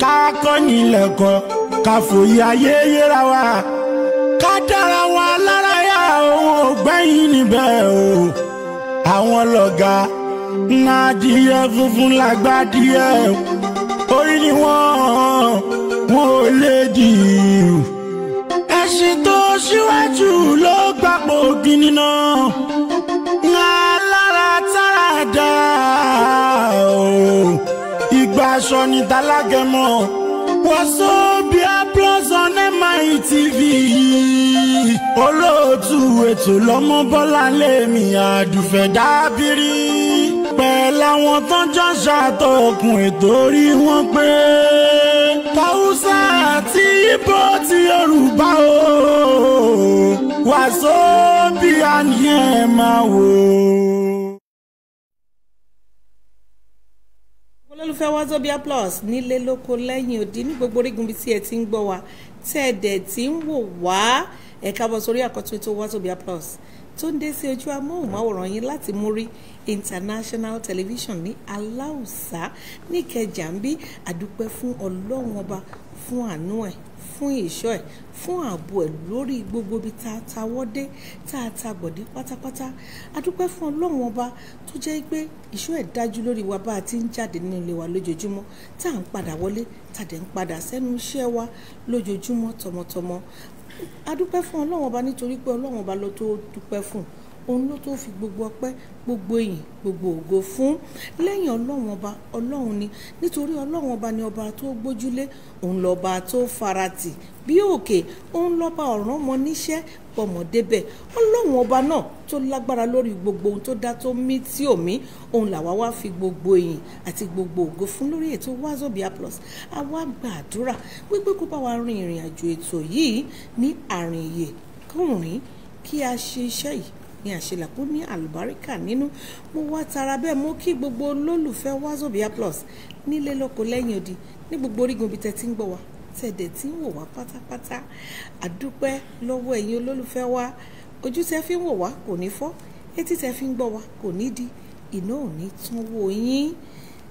ká kọ́yìn lẹ́kọ̀ọ́ ká fòye ayé yẹra wa ká dára wa lára yá òun ò níbẹ̀ o àwọn lọ́gà ńlá díẹ̀ funfun làgbà díẹ̀ orí ni wọ́n wọn ò lè dì í. ẹ̀sìn tó síwájú ló gbapò gíní náà. aṣọ ní tálágẹmọ Wazobia plus on MITV olóòtú ètò lọ́mọ bọ́lá lèmi àdùfẹ́ dábìrì pẹ̀lú àwọn tó ń jọ ṣàtọkùn ètò orí wọn pé tàwùsà àti ibo ti yorùbá o Wazobia ni ẹ máa wò olólùfẹ́ Wazobia Plus nílé lóko lẹ́yìn odi ní gbogbo orígun bí tí ẹ ti ń gbọ́ wa tẹ́ ẹ dẹ̀ tí ń wò wá ẹ káàbọ̀ sórí àkọ́tún ètò Wazobia Plus tó ń dé sí ojú amóhùnmáwòrán yín láti Múrí International Television ní Aláùsá níkẹjà ń bí àdúpẹ́ fún Ọlọ́run ọba fún àánú ẹ̀ fún ìṣọ́ ẹ̀ fún ààbò ẹ̀ lórí gbogbo ibi tá a ta wọ́dé tá a ta gbọ̀dé pátápátá a dúpẹ́ fún ọlọ́run ọba tó jẹ́ pé ìṣọ́ ẹ̀ dájú lórí wa bá a ti ń jáde nínú ilé wa lójoojúmọ́ tá à ń padà wọlé tá a dẹ̀ ń padà sẹ́nu iṣẹ́ wa lójoojúmọ́ tọmọtọmọ a dúpẹ́ fún ọlọ́run ọba nítorí pé ọlọ́run ọba ló tó dúpẹ́ fún un òun ló tó fi gbogbo ọpẹ́ gbogbo ìyìn gbogbo ògo fún lẹ́yìn ọlọ́run ọba ọlọ́run ni nítorí ọlọ́run ọba ni ọba tó gbójúlé òun lọ́ba tó faratì bí òkè òun lọ́ba ọ̀ràn mọ níṣẹ́ pọ̀mọ̀dé bẹ̀ ọlọ́run ọba náà tó lágbára lórí gbogbo ohun tó dá tó mí tí ò mí òun làwa wá fi gbogbo ìyìn àti gbogbo ògo fún lórí ètò wazobia plus àwa gbàdúrà wípé kó bá wa rin ìrìn àjò ètò yìí ní àrìn ìyè kí a ṣe iṣẹ́ yìí ní àṣelàpọ̀ ní àlùbáríkà nínú mo wá tara bẹ́ẹ̀ mo kí gbogbo olólùfẹ́ wazobia plus nílé lóko lẹ́yìn odi ní gbogbo orígun ibi tẹ́ ń gbọ́ wa tẹ̀dẹ̀ tí ń wò wá pátápátá àdúpẹ́ lọ́wọ́ ẹ̀yin olólùfẹ́ wa ojú tẹ́ fi ń wò wá kò ní fọ́ etí tẹ́ fi ń gbọ́ wá kò ní di iná ò ní tún wò yín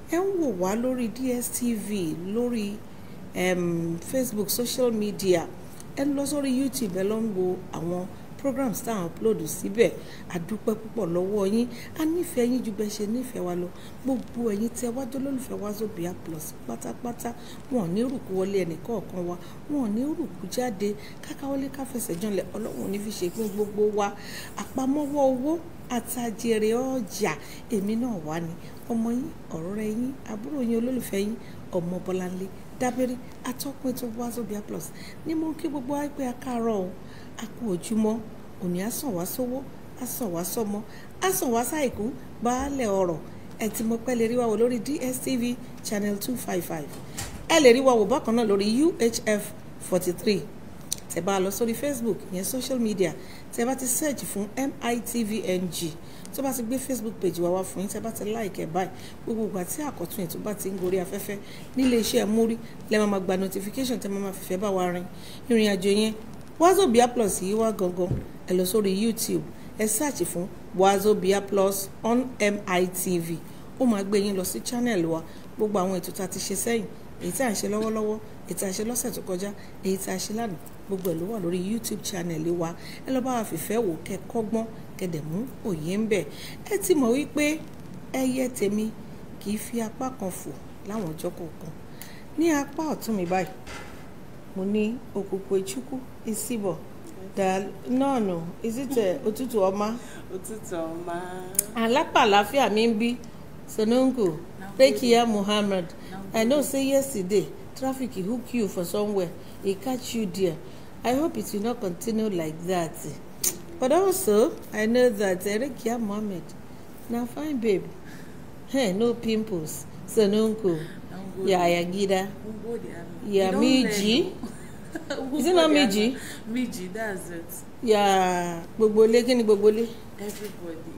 ẹ ń wò wá lórí DSTV lórí um, Facebook social media ẹ ń lọ sórí YouTube ẹ lọ ń wo àwọn programs tá à ń upload síbẹ̀ àdúpẹ́ púpọ̀ lọ́wọ́ yín a nífẹ̀ẹ́ yín ju bẹ́ẹ̀ ṣe nífẹ̀ẹ́ wa lọ gbogbo ẹ̀yin tí ẹ wá jólólùfẹ́ Wazobia Plus pátápátá wọn ò ní rùkú wọlé ẹnìkọ̀ọ̀kan wa wọn ò ní rùkú jáde kákáwọlé káfẹsẹ̀ janlẹ̀ ọlọ́run ò ní fi ṣègbín gbogbo wa àpamọ́wọ́ owó àtàjèrè ọjà èmi náà wà ní ọmọ yín ọ̀rẹ́ yín àbúrò yín olólùfẹ́ yín ọmọ Bọ́láńlé Dábẹ́rí atọ́kùn ètò Wazobia Plus ní mo kí gbogbo wa pé a a kú ojúmọ́ òní á sàn wá sówó á sàn wá sọ́mọ á wá sáìkú baálẹ̀ ọ̀rọ̀ ẹ ti mọ pẹ́ lè rí wa wò lórí DSTV channel two five five ẹ lè rí wa wò bákan náà lórí UHF forty three tẹ bá a lọ sórí Facebook yẹn social media tẹ bá ti search fún MITVNG tó bá ti gbé Facebook page wa wá fún yín tẹ bá ti like ẹ báyìí gbogbo ìgbà tí àkọ́tún ètò bá ti ń gorí afẹ́fẹ́ nílé iṣẹ́ múrí lẹ́ẹ̀ gba notification tẹ́ máa fi fẹ́ bá wa rin ìrìn àjò yẹn wazobia plus yìí wá gangan ẹ lọ sórí youtube ẹ search fún wazobia plus on mitv ó máa gbé yín lọ sí channel wa gbogbo àwọn ètò tá a ti ṣe sẹ́yìn èyí tí à ń ṣe lọ́wọ́lọ́wọ́ èyí tí a ṣe lọ́sẹ̀ tó kọjá èyí tí a ṣe lánàá gbogbo ẹ̀ ló wà lórí youtube channel wa ẹ lọ bá wa fìfẹ́ wò kẹ́ kọ́gbọ́n kẹ́dẹ̀ mú òye ń bẹ̀ ẹ ti mọ̀ wípé ẹyẹ tèmi kì í fi apá kan fò láwọn ọjọ́ kọ̀ọ̀kan ní apá ọ̀tún mi báyìí mo ní chukwu Isibo nọ́ọ̀nù ìsìtẹ̀ òtútù ọmá òtútù ọmá alápàláfíà mi ń bí Sonunku Rekia Muhammad I know say yesterday traffic hook you for somewhere e catch you there I hope it will not continue like that but also I know that Rekia Muhammad na fine babe hey, no pimples Sonunku. yaya gida ah. ya miji is it not ah, miji miji that's it ya gbogbo ilé kí ni gbogbo everybody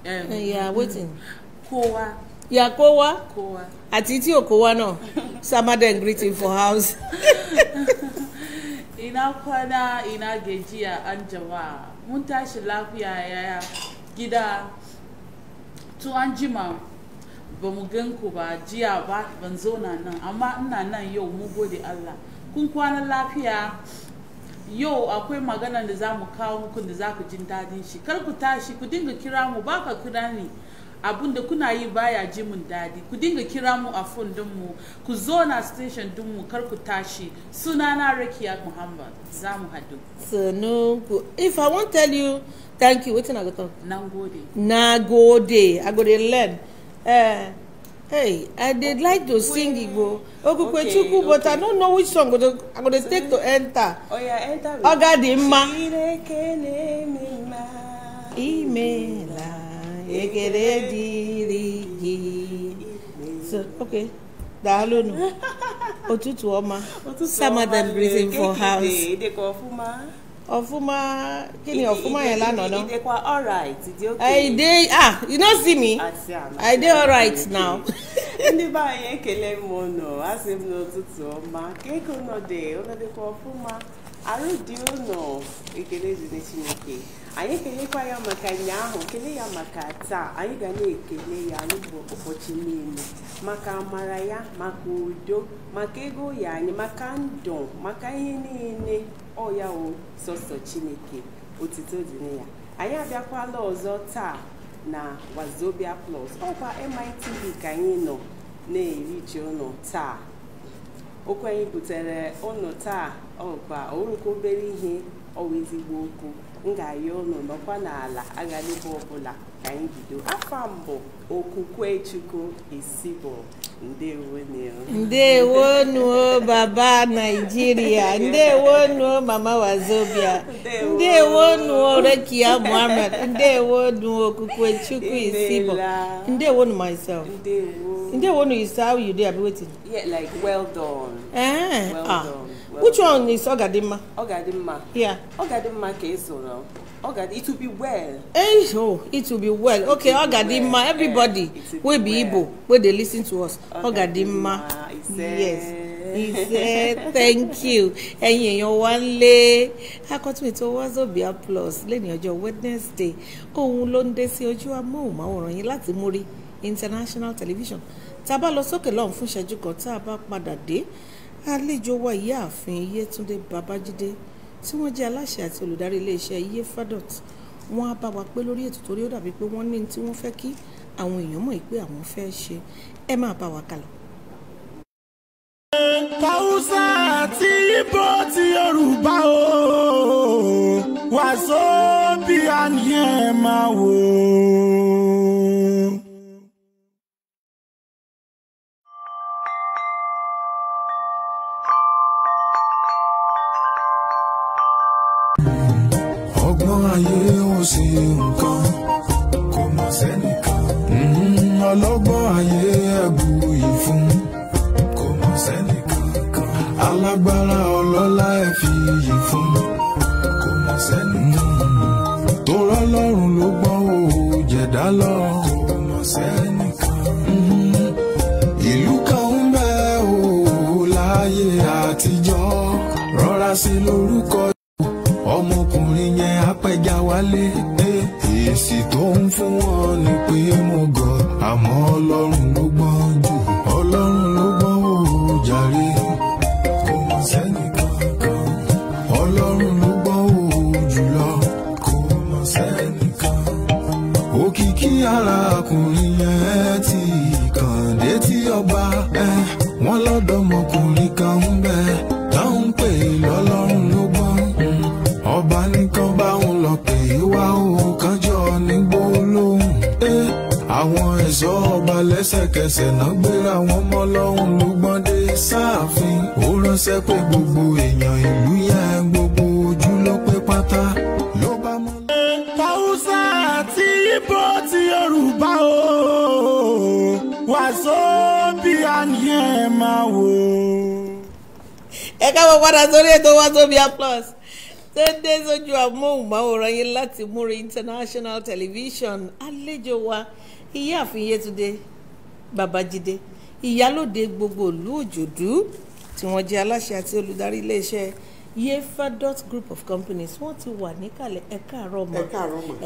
eh, um, ya hmm. wetin kó ya kó wa àti tí ò kó wa náà samaden greeting for house. ina kwana ina gajiya an jama'a mun tashi lafiya yaya gida to an jima ba mu gan ku ba jiya ba ban zauna nan amma ina nan yau mu gode Allah kun kwana lafiya yau akwai magana da za mu kawo muku da za ku jin dadin shi kar ku tashi ku dinga kira mu ba ka kira ni abun da kuna yi baya ji mun dadi ku dinga kira mu a fon mu ku zo na station mu kar ku tashi suna na rakiya muhammad za mu hadu. sanu so, no, if i want tell you thank you wetin i go talk na gode na gode i go dey learn eh hey i like to sing igbo but i no know which song i go dey take to enter oga dị mma imela ekele okay ụtụtụ ọma samadan breathing for house ọfụma gịnị ọfụma ya lanọ nọ i dey ah you no see me i dey alright now. ndị be anyị ekele m ụnụ asị m n'ụtụtụ ọma ka ego ụnọ dị ụnọ dịkwa ọfụma arụ dị ụnọ ekele dị chineke anyị kelekwa ya maka ụnyaahụ kele ya maka taa anyị ga na-ekele ya ụbọchị niile maka amara ya maka udo maka ego ya anyị maka ndụ maka ihe niile ọ ya wụ sọsọ chineke otito dị na anyị abịakwala ọzọ taa na wazobia plus ọkwa mitv ka anyị nọ na-eriji ụnụ taa okwu anyị butere ụnụ taa ọkwa oruko obere ihe ọwa ezigbo okwu m ga-ayọ ụnụ nọkwa n'ala agalibe ọbụla ka anyị bido afọ mbụ okwukwe chukwu esibo ndewonu baba naijiria ndewonu mama wazobia ndewonu rekia muhammad ndewonu okukwe chukwu isibo ndewonu myself ndewonu is how you dey abi wetin. Yeah, like well done. Uh eh, -huh. well ah. done. Which one is Ogadimma? Ogadimma. Yeah. Ogadimma ka esoro. Ogad be well. Eh, oh, it be well. everybody eh, wey be well. Igbo, where they listen to us. Ogadimma. Yes. He said, thank you. Ẹ̀yin èèyàn wa ń Wazobia Plus lẹ́yìn ọjọ Wednesday. Òun ló ń a fún ìṣẹ́jú àlejò wa ìyáàfin Yétúndé Babájídé tí wọ́n jẹ́ aláṣẹ àti olùdarí iléeṣẹ́ Yefadot wọ́n á bá wa pé lórí ètò torí ó dàbí pé wọ́n ní tí wọ́n fẹ́ kí àwọn èèyàn mọ̀ pé àwọn fẹ́ ṣe ẹ máa bá wa kálọ. Haúsá àti Ìgbò ti Yorùbá o wàásù bí a ní ẹ máa wò ó. sí lórúkọ ọmọkùnrin yẹn apẹja wálé èsì tó ń fún wọn ni pé mo gọ̀ àmọ́ ọlọ́run ló gbọ́n jù ọlọ́run ló gbọ́n wò ó jàre kò mọ sẹ́ni kankan ọlọ́run ló gbọ́n yẹn ti kàndé tí ọba ẹ wọn lọ́dọ̀ ọmọkùnrin kan ń bẹ. ẹsẹ̀kẹsẹ̀ náà gbéra wọn mọ́ lọ́hùn ló gbọ́n dé sáàfin ó ránṣẹ́ pé gbogbo èèyàn ìlú yá gbogbo ojú ló pé pátá ló bá mọ́. tàùsà àti ibo ti yorùbá o wàásù bí a ẹ máa wò. ẹ káwọ padà sórí ètò Wazobia Plus dédé sójú amóhùnmáwòrán yín láti Múrí International Television àlejò wa ìyáàfin Yétúndé babájídé ìyálòde gbogbo ìlú òjòdú tí wọ́n jẹ́ aláṣẹ àti olùdarí iléeṣẹ́ yefadot group of companies wọ́n ti wà níkàlẹ̀ ẹ̀ka àrọ́mọ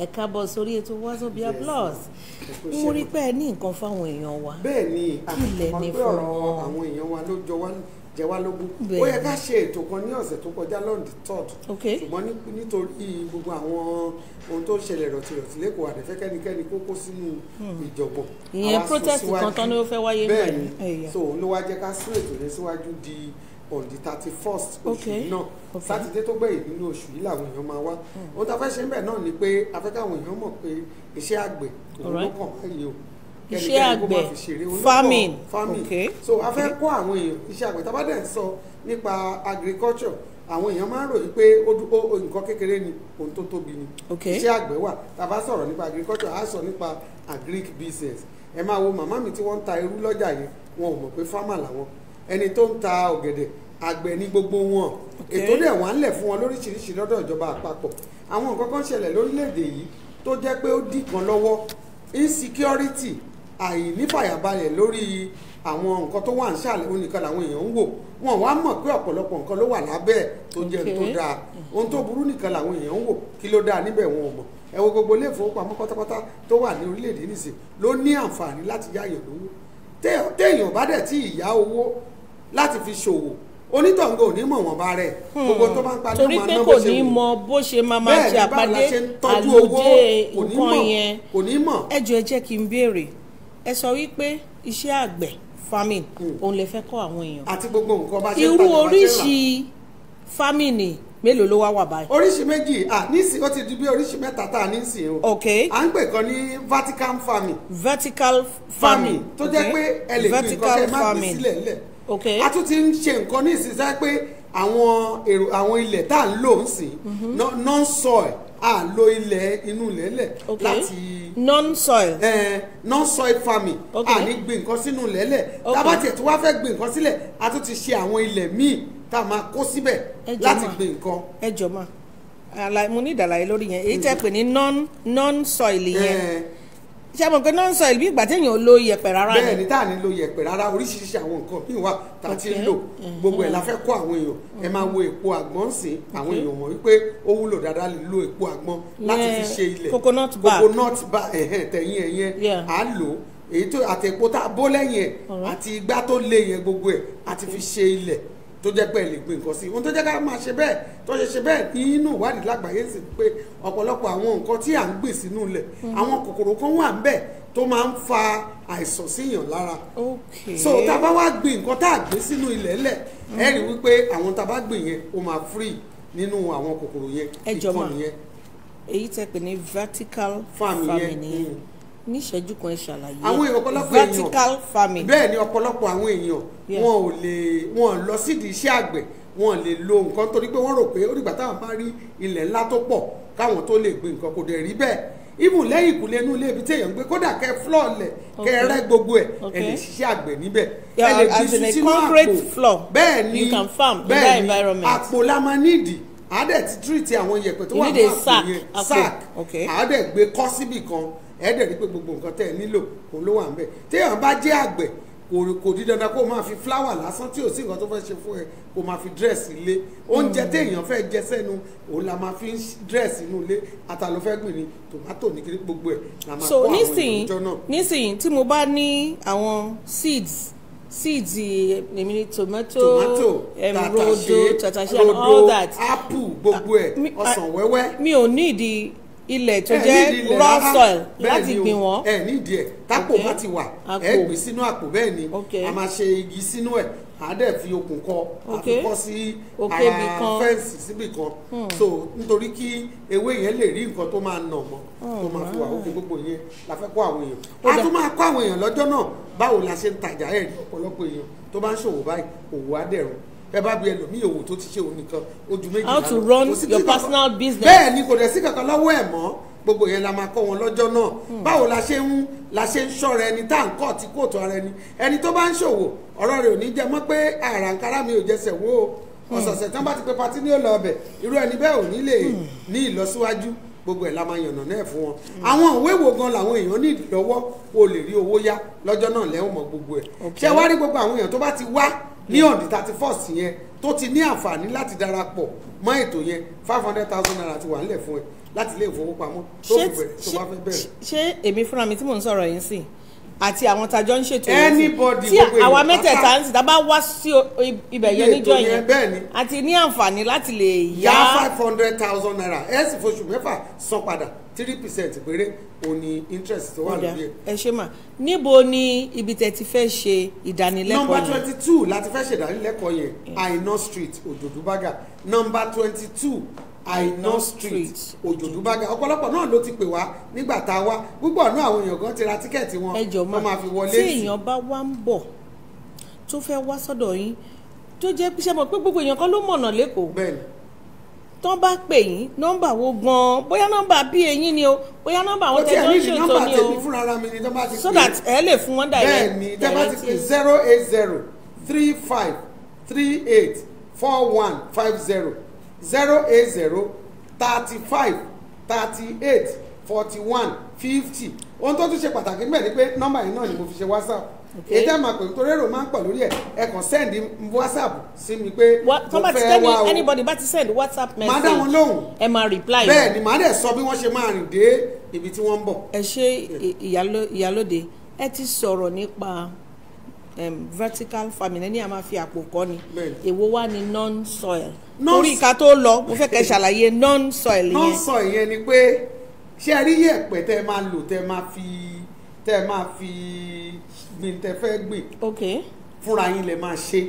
ẹ̀ka bọ̀ sórí ètò wazobia plus n rí pé ẹ ní nǹkan fáwọn èèyàn wa bẹ́ẹ̀ ni àti mọ̀ pé àwọn èèyàn wa ló jọ wá jẹ wá lógún ó yẹ ká ṣe ètò kan ní ọ̀sẹ̀ tó kọjá lọ́ndì third ṣùgbọ́n nítorí gbogbo àwọn ohun tó ṣẹlẹ̀ rọ̀tìrọ̀tì lẹ́kọ̀ọ́ àdẹ́fẹ́ kẹ́nikẹ́ni kó kó sínú hmm. ìjọ̀gbọ̀n ìyẹn protest kan tán ló fẹ́ wáyé bẹ́ẹ̀ ni so ló wá jẹ́ ká sún ètò yẹn síwájú di on the thirty first oṣù náà sátidé tó gbẹ̀yìn nínú oṣù yìí làwọn èèyàn máa wá hmm. ohun tá a fẹ́ ṣe ń bẹ̀ náà ni pé afẹ́káwọn èèyàn mọ̀ pé iṣẹ́ àgbẹ̀ òun ló kàn wáyé o iṣẹ́ àgbẹ̀ farming okay so a fẹ́ kọ́ àwọn èèyàn iṣẹ́ àgbẹ̀ tábà dẹ̀ ń sọ nípa agriculture àwọn èèyàn máa ń ròyìn pé nǹkan kékeré ni ohun tó tóbi ni iṣẹ́ àgbẹ̀ wà tàbá sọ̀rọ̀ nípa agriculture á sọ nípa agric business ẹ máa wo màmá mi tí wọ́n ń ta irú lọ́jà yẹn wọn ò mọ̀ pé farmer làwọn ẹni tó ń ta ọ̀gẹ̀dẹ̀ àgbẹ̀ ní gbogbo wọn ètò dẹ̀ wà ń lẹ̀ fún wọn lóríṣiríṣi lọ́dọ̀ ìjọba àpapọ̀ àwọn nǹkan kan ṣẹlẹ̀ lórílẹ̀‐èdè yìí tó jẹ́ pé ó dì kan lọ́wọ́ insecurity àìnífàyàbalẹ̀ lórí àwọn nǹkan tó wà ń sàlẹ̀ onìkan làwọn èèyàn ń wò wọn wá mọ̀ pé ọ̀pọ̀lọpọ̀ nǹkan ló wà lábẹ́ tó jẹ́ tó dáa ohun tó burú nìkan làwọn èèyàn ń wò kí ló dáa níbẹ̀ wọn ò mọ̀ ẹ wo gbogbo ilé ìfowópamọ́ pátápátá tó wà ní orílẹ̀-èdè nìsín ló ní àǹfààní láti yáyọ̀ lówó téèyàn bá dẹ̀ tí ìyá owó láti fi ṣòwò onítọ̀ǹgò ò ní mọ̀ wọ́n bá rẹ̀ hmm. gbogbo tó bá ń parí ọmọ náà ṣe wù torí pé kò ní ṣe máa máa ṣe àpàdé àlùjẹ nǹkan ẹjọ́ ẹ jẹ́ kí n béèrè ẹ sọ wípé iṣẹ́ àgbẹ̀ farming hmm. òun lè fẹ́ kọ́ àwọn èèyàn. àti gbogbo nǹkan bá ṣe ń padà irú oríṣi farming ni mélòó ló wá wà báyìí. oríṣi méjì à nísìnyí ó ti di bí oríṣi mẹ́ta tá a nísìnyí o. ok à ń pè kan ní vertical farming. vertical farming tó jẹ́ pé ẹ lè fi nǹkan kẹ́ má fi sílẹ̀ lẹ̀. ok a tún ti ń ṣe nǹkan ní ìsinsìnyí pé àwọn èrò àwọn ilẹ̀ tá à ń lò ń sìn mhm. non soil a ilẹ̀ inú lẹ́lẹ̀ láti. non soil. Eh, non soil farming okay. a gbìn nǹkan sínú lẹ́lẹ̀ tá a tiẹ̀ tó wá fẹ́ gbìn nǹkan sílẹ̀ a tún ti ṣe àwọn ilẹ̀ míì tá a máa kó síbẹ̀ láti gbìn nǹkan. ẹ jọ ma mo ní ìdàlàyé lórí yẹn èyí tẹ́ pè ní non soil yẹn. Eh, ṣe mọ̀ pé náà ń sọ ìlú ìgbà téèyàn ò lo iyẹ̀pẹ̀ rárá ni. bẹ́ẹ̀ ni tá à ní lo iyẹ̀pẹ̀ rárá oríṣiríṣi àwọn nǹkan bíi wà tá a ti ń lò mhm. gbogbo ẹ̀ la fẹ́ kó àwọn èèyàn ẹ máa wo èpo àgbọn sí àwọn èèyàn mọ̀ wípé ó wúlò dáadáa lè lo èpo àgbọn láti fi ṣe ilẹ̀ coconut bark coconut bark tẹ̀yìn ẹ̀yẹn à lò èyí tó àtẹ̀pó tá a bó lẹ́yìn ẹ̀ àti igbá tó le yẹn gbogbo ẹ̀ àti fi ṣe ilẹ̀ tó jẹ́ pé lè pe nǹkan sí ohun tó jẹ́ ká máa ṣe bẹ́ẹ̀ tó ṣe ṣe bẹ́ẹ̀ nínú ìwádìí lágbàáyé sì pé ọ̀pọ̀lọpọ̀ àwọn nǹkan tí à ń gbìn sínú ilẹ̀ hmm. àwọn kòkòrò kan wà ń bẹ̀ tó máa ń fa àìsàn síyàn lára so tá a bá wá gbìn nǹkan tá a gbé sínú ilẹ̀ lẹ̀ hmm. ẹ rí wípé àwọn tá a bá gbìn yẹn ó máa free nínú àwọn kòkòrò yẹn ìkànnì yẹn. ẹ jọ̀ọ́ mà èyí tẹ́ pè ní vertical farming yẹn ní ìṣẹ́jú kan ẹ ṣàlàyé àwọn èèyàn ọ̀pọ̀lọpọ̀ èèyàn bẹ́ẹ̀ ni ọ̀pọ̀lọpọ̀ àwọn èèyàn wọn ò lè wọn lọ sídìí iṣẹ́ àgbẹ̀ wọn lè lo nǹkan torí pé wọ́n rò pé ó dìgbà táwọn bá rí ilẹ̀ ńlá tó pọ̀ káwọn tó lè gbé nǹkan kò dẹ̀ rí bẹ́ẹ̀ ibù lẹ́yìn ìkùlé inú ilé ibi tí èèyàn ń gbé kódà kẹ floor lẹ̀ kẹ rẹ́ gbogbo ẹ̀ ẹ lè ṣiṣẹ́ àgbẹ̀ níbẹ̀ ẹ lè fi sùn àpò bẹ́ẹ̀ ni bẹ́ẹ̀ ni àpò la nídìí àádẹ́ ti tírìtì àwọn yẹ̀pẹ̀ tó wà ní àpò yẹn sack àádẹ́ gbé kọ́ síbì kan ẹ̀ẹ́dẹ̀ rí pé gbogbo nǹkan tẹ́ ẹ nílò kò ló wà ń bẹ̀ téèyàn bá jẹ́ àgbẹ̀ kò di dandan kó máa fi fúláwà lásán tí ò sí nǹkan tó fẹ́ ṣe fún ẹ kó máa fi dírẹ́sì ilé oúnjẹ hmm. téèyàn fẹ́ jẹ sẹ́nu òun la máa fi dírẹ́sì inú ilé ata ló fẹ́ gbìn ní tòmátò ní kiri gbogbo ẹ̀ la máa kó àwọn ìjọ náà. nísìnyí tí mo bá ní àwọn seeds seeds eh, èmi ni tomato tomato um, rodo tatashe and all that apple gbogbo ah, ẹ̀ ọsàn ah, wẹ́wẹ́. mi ò ní ìdí ilẹ̀ tó jẹ́ raw soil láti gbìn wọ́n. ẹ nídìí ẹ tápò bá ti wà ẹ gbé sínú àpò bẹ́ẹ̀ ni a máa ṣe igi sínú ẹ̀ a dẹ̀ fi okùn kọ àfikọ́ sí fẹ́ǹsì síbì kan hmm. so nítorí kí ewé yẹn lè rí nǹkan tó máa nà mọ́ tó hmm, máa fi wà òkè gbogbo yẹn la fẹ́ kó àwọn èèyàn a tún máa kó àwọn èèyàn lọ́jọ́ náà báwo la ṣe ń tajà ẹ̀rí ọ̀pọ̀lọpọ̀ èèyàn tó bá ń ṣòwò báyìí òwò á dẹ̀rùn ẹ bá bí ẹlòmíì òwò tó ti ṣe òun nìkan ojú méjì how to run your personal business. bẹ́ẹ̀ ni kò dẹ̀ sí kankan lọ́wọ́ ẹ̀ mọ́ gbogbo yẹn la máa kọ́ wọn lọ́jọ́ náà hmm. báwo la ṣe ń la ṣe ń ṣọ́ra ẹni tá à ń kọ́ ti kóòtù ara ẹni ẹni tó bá ń ṣòwò ọ̀rọ̀ rẹ̀ ò ní jẹ mọ́ pé àràǹkárá mi ò jẹsẹ̀ wó o hmm. ọ̀sọ̀ọ̀sẹ̀ tí wọ́n bá ti pe patí ní òlò ọbẹ̀ irú ẹni bẹ́ẹ̀ ò ní lè hmm. ní ìlọsíwájú gbogbo ẹ̀ la máa yànnà náà fún wọn àwọn òwe wo gan làwọn èèyàn ní ìdílọ́wọ́ o lè rí owó yá lọ́jọ́ náà lẹ́wọ̀n mọ́ gbogbo ẹ̀ ṣé wá rí gbogbo àwọn èèyàn tó bá ti wá ní on the thirty first yẹn tó ti ní àǹfààní láti darapọ̀ mọ́ ètò yẹn five hundred thousand naira ti wà nílẹ̀ fún ẹ láti ilé ìfowópamọ́ tó bẹ̀rẹ̀ tó bá fẹ́ bẹ̀rẹ̀. ṣé èmi fúnra mi tí mò ń sọ̀rọ̀ yìí sí àti àwọn tajọ ń ṣètò yìí tí àwa mẹ́tẹ̀ẹ̀ta ń sìta bá wá sí ibẹ̀ yẹn níjọ́ yẹn àti ní àǹfààní láti lè yá. yá five hundred thousand naira ẹ sì foṣù mẹ́fà san padà three percent péré òní interest tó wà lórí ẹ̀. ẹ ṣe mà níbo ni ibi tẹ́ fẹ́ ṣe ìdánilẹ́kọ̀ọ́ yẹn. nọmba twenty two láti fẹ́ ṣe ìdánilẹ́kọ̀ọ́ yẹn Aina street Ojodubaga Number twenty two Aina street Ojodubaga ọ̀pọ̀lọpọ̀ náà ló ti pè wá nígbà tá a wá púpọ̀ náà àwọn èèyàn kan ti ra tíkẹ́ẹ̀tì wọn wọ́n máa fi wọlé sí. tí èèyàn bá wá ń bọ̀ tó fẹ́ wá sọ́dọ̀ yín tó jẹ́ pé ṣe mọ̀ pé gbogbo èèyàn kan ló mọ̀nà lẹ́kọ̀ọ́ tán bá pè yín nọ́mbà wo gan bóyá nọ́mbà bí eyín ni o bóyá nọ́mbà àwọn tẹ̀lé ń ṣètò ni o so that ẹ lè fún wọn direct. bẹ́ẹ̀ni tẹ bá ti pè zero eight zero three five three eight four one five zero zero eight zero thirty five thirty eight forty one fifty ohun tó tún ṣe pàtàkì mẹ́rin pé nọ́mbà yìí náà ni mo fi ṣe whatsapp ètò ẹ̀ máa pè nítorí èrò máa ń pọ̀ lórí ẹ̀ ẹ kàn send whatsapp sí mi pé mo fẹ́ wá o anybody bá ti send whatsapp message máa dá wọn lóhùn ẹ máa reply bẹ́ẹ̀ ni màá dẹ̀ sọ bí wọ́n ṣe máa rìn dé ibi tí wọ́n ń bọ̀. ẹ ṣe ìyálóde ẹ ti sọ̀rọ̀ nípa vertical farming ẹni a máa fi àpò kọ́ ni èwo wá ni non soil torí ìka tó lọ mo fẹ́ kẹ́ ṣàlàyé non soil yẹn. non soil yẹn ni pé ṣé ẹ rí yẹ̀pẹ̀ tẹ́ ẹ máa lò tẹ́ máa fi tẹ́ máa fi gbìn tẹ́ fẹ́ gbìn fúnra yín lẹ máa ṣe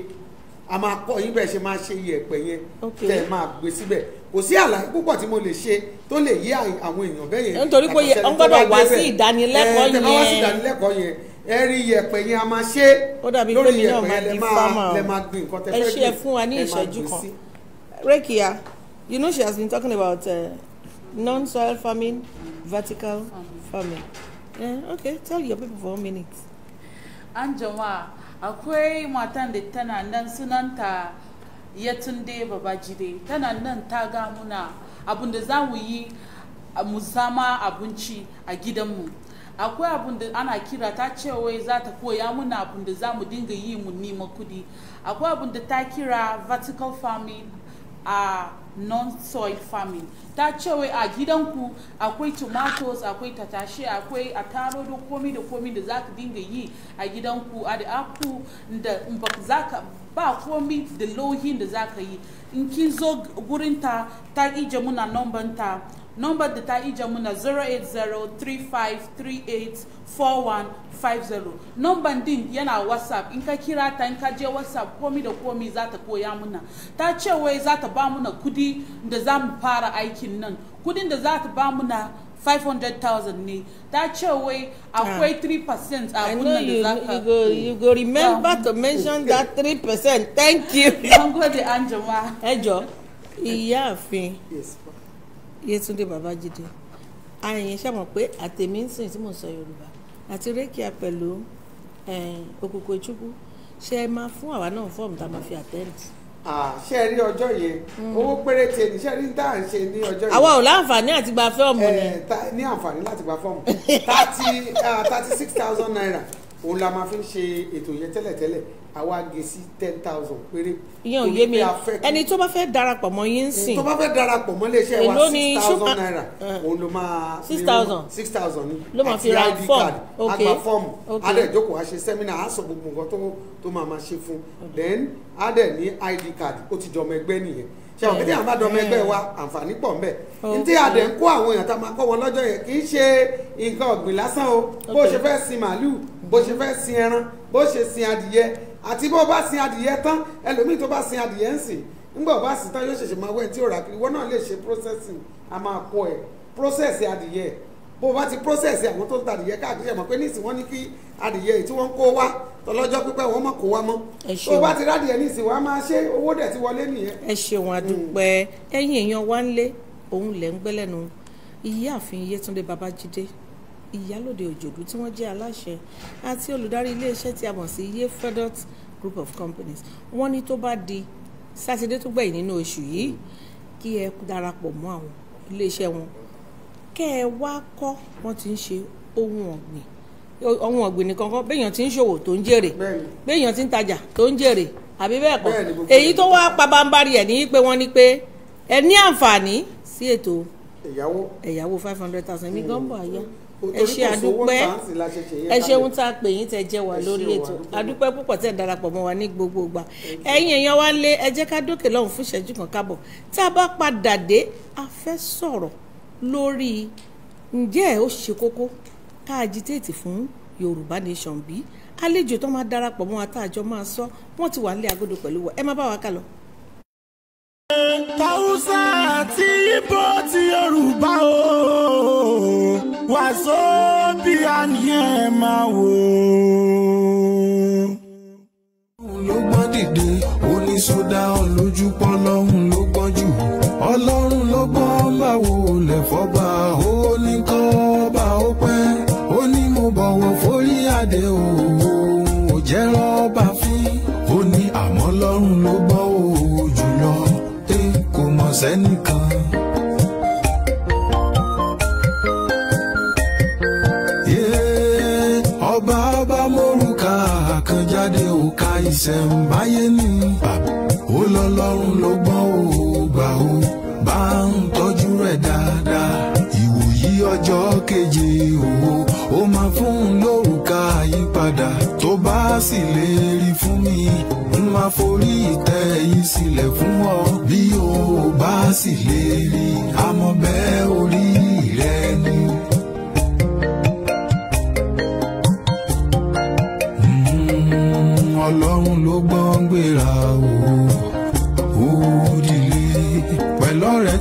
a máa kọ́ yín bẹ́ẹ̀ ṣe máa ṣe iyẹ̀pẹ̀ yẹn tẹ́ ẹ máa gbé síbẹ̀ kò sí àlàyé púpọ̀ tí mo lè ṣe tó lè yé àwọn èèyàn bẹ́ẹ̀ yẹn. nítorí pé ó gbọ́dọ̀ wá sí ìdánilẹ́kọ̀ọ́ yẹn. ẹ tẹ́ bá wá sí ìdánilẹ́kọ̀ọ́ yẹn ẹ rí iyẹ̀pẹ̀ yẹn a máa ṣe lórí iyẹ̀pẹ̀ yẹn lẹ máa lẹ máa gbìn nǹkan tẹ́ fẹ́ gbìn ẹ ṣe fún wa ní ìṣẹ́jú kan Rekia you know she has been talking about uh, non-soil farming vertical farming, farming. Yeah, okay tell your people for one minute. an jama'a akwai matan da tana nan sunanta ya tunde babajide tana nan ta gamuna abin da za mu yi mu zama abinci a gidanmu akwai abin ana kira ta ce wai za ta koya muna abin za mu dinga yi mu nima kudi akwai abin ta kira vertical farming a non-soil farming ta ce wai a gidanku akwai tomatoes akwai tatashe akwai ataro da komi da komi da za ka dinga yi a gidanku a da aku da zaka ba komi da lohin da za ka yi in kin zo gurinta ta ije muna nomban ta Number da ta ija muna 08035384150. Number din yana WhatsApp in ka kira ta in ka je WhatsApp komi da komi za ta koya muna. Ta ce wai za ta ba muna kudi da za mu fara aikin nan. Kudin da za ta ba muna 500,000 ne ta ce wai akwai 3% ah. a wannan da za ka you go remember to um, mention that 3% thank you. don gode an jama'a. Ejo? ìyáàfin. Yes. Yétúndé Babájídé àyìn ṣàmọ̀ pé àtẹ̀mí ń sìn tí mò ń sọ Yorùbá àti rékìá pẹ̀lú òkùnkùn ìchúkú ṣe é máa fún àwa náà fọ́ọ̀mù tá a máa fi àtẹ́ǹtì ṣe rí ọjọ́ yẹn hmm. owó péréte ní ṣe rí tá ń ṣe ní ọjọ́ yẹn. àwa ò láǹfààní àti gba fọ́ọ̀mù ni. ní àǹfààní láti gba fọ́ọ̀mù thirty uh, six thousand naira òun la máa fi ń ṣe ètò yẹn tẹ́lẹ̀tẹ́lẹ̀ àwa gé sí ten thousand péré. ìyẹn ò yé mi ẹni tó bá fẹ́ darapọ̀ mọ́ yín sìn. tó bá fẹ́ darapọ̀ mọ́ lè ṣe wa six thousand naira òun ló máa six thousand six thousand ni ló máa fi ra form ok agba form adẹ ìjókòó a ṣe seminar a sọ gbogbo nǹkan tó tó máa ma ṣe fún then adẹ ní id card ó ti jọmọ ẹgbẹ́ nìyẹn ṣe àwọn kéde àwọn àdọ́mọ ẹgbẹ́ wa àǹfààní pọ̀ ń bẹ ní tí adẹ ń kó àwọn èèyàn tá a máa kọ́ wọn lọ́jọ́ yẹn kì í ṣe nǹkan ọ̀gbìn lásán o bó ṣe fẹ́ sin màálù bó ṣe fẹ́ sin ẹran bó ṣe sin adìyẹ àti bó bá sin adìyẹ tán ẹlòmíì tó bá sin adìyẹ ń sìn ńgbà bá sin tán yóò ṣẹ̀ṣẹ̀ máa wẹ̀ tí ò rà kiri ìwọ náà lè ṣe processing a máa kọ ẹ̀ process adìyẹ bó bá ti process àwọn tó ń ta adìyẹ káàkiri ẹ̀ mọ̀ pé nísìn wọ́n ní kí adìyẹ tí wọ́n ń kó wá tọlọ́jọ́ pípẹ́ wọ́n mọ̀ kó wá mọ́ tó bá ti rádìyẹ nísìn wàá máa ṣe owó dẹ̀ ti wọlé nìyẹn. ẹ ṣeun àdúpẹ́ hmm. ẹ̀yin èèyàn wá ń lé òun lẹ́ ń gbẹ́lẹ́nu Ìyáàfin Yétúndé Babájídé ìyálòde òjòdú tí wọ́n jẹ́ aláṣẹ àti olùdarí iléeṣẹ́ tí a mọ̀ sí iye fedot group of companies wọ́n ní tó bá di sátidé tó gbẹ̀yìn nínú oṣù yìí kí ẹ darapọ̀ mọ́ àwọn iléeṣẹ́ wọn kẹ́ ẹ wá kọ́ wọ́n ti ń ṣe ohun ọ̀gbìn ohun ọ̀gbìn nìkan kan béèyàn ti ń ṣòwò tó ń jèrè béèyàn ti ń tajà tó ń jèrè àbí bẹ́ẹ̀ kọ́ èyí tó wá pabambarì ẹ̀ ní pé wọ́n ní pé ẹ ní àǹfààní sí ètò ẹ̀yáwó five hundred thousand ní gánbọ̀ àyà ẹ ṣe àdúpẹ́ ẹ ṣe ohun tá a pè yín tẹ jẹ́ wà lórí ètò àdúpẹ́ púpọ̀ tẹ̀ darapọ̀ mọ́ wa ní gbogbo ìgbà ẹ̀yin èèyàn wa lé ẹ jẹ́ ká dókè lọ́hùn fún ìṣẹ́jú kan káàbọ̀ tá a bá padà dé a fẹ́ sọ̀rọ̀ lórí ǹjẹ́ ó ṣe kókó ká agitate fún Yorùbá Nation bí àlejò tó máa darapọ̀ mọ́ wa tá a jọ máa sọ wọ́n ti wà nílé agodo pẹ̀lú wa ẹ má bá wa kálọ. tàwùsà àti ibo ti Yorùbá ooo. Wazobia ni ẹ máa wò. ló gbọ́n dìde ó ní sódà ọlójú pọ́n lọ́hùn ló gbọ́n jù ọlọ́run ló gbọ́n bá wò lẹ̀ fọ́ba ó ní kọ́ bá ó pẹ́ ó ní mo bọ̀wọ̀ forí adé òwò ò jẹ́ rọ́bà fín ó sẹ́nìkan. ìṣẹ̀ǹbáyé ni ó lọ́lọ́run ló gbọ́n ò gbà ó bá ń tọ́jú rẹ̀ dáadáa ìwòyí ọjọ́ keje òwò ó máa fún un lórúkà yípadà tó bá sì lè rí fún mi n máa forí ìtẹ́ yìí sílẹ̀ fún ọ bí o bá sì lè rí àmọ́ orí rẹ ni.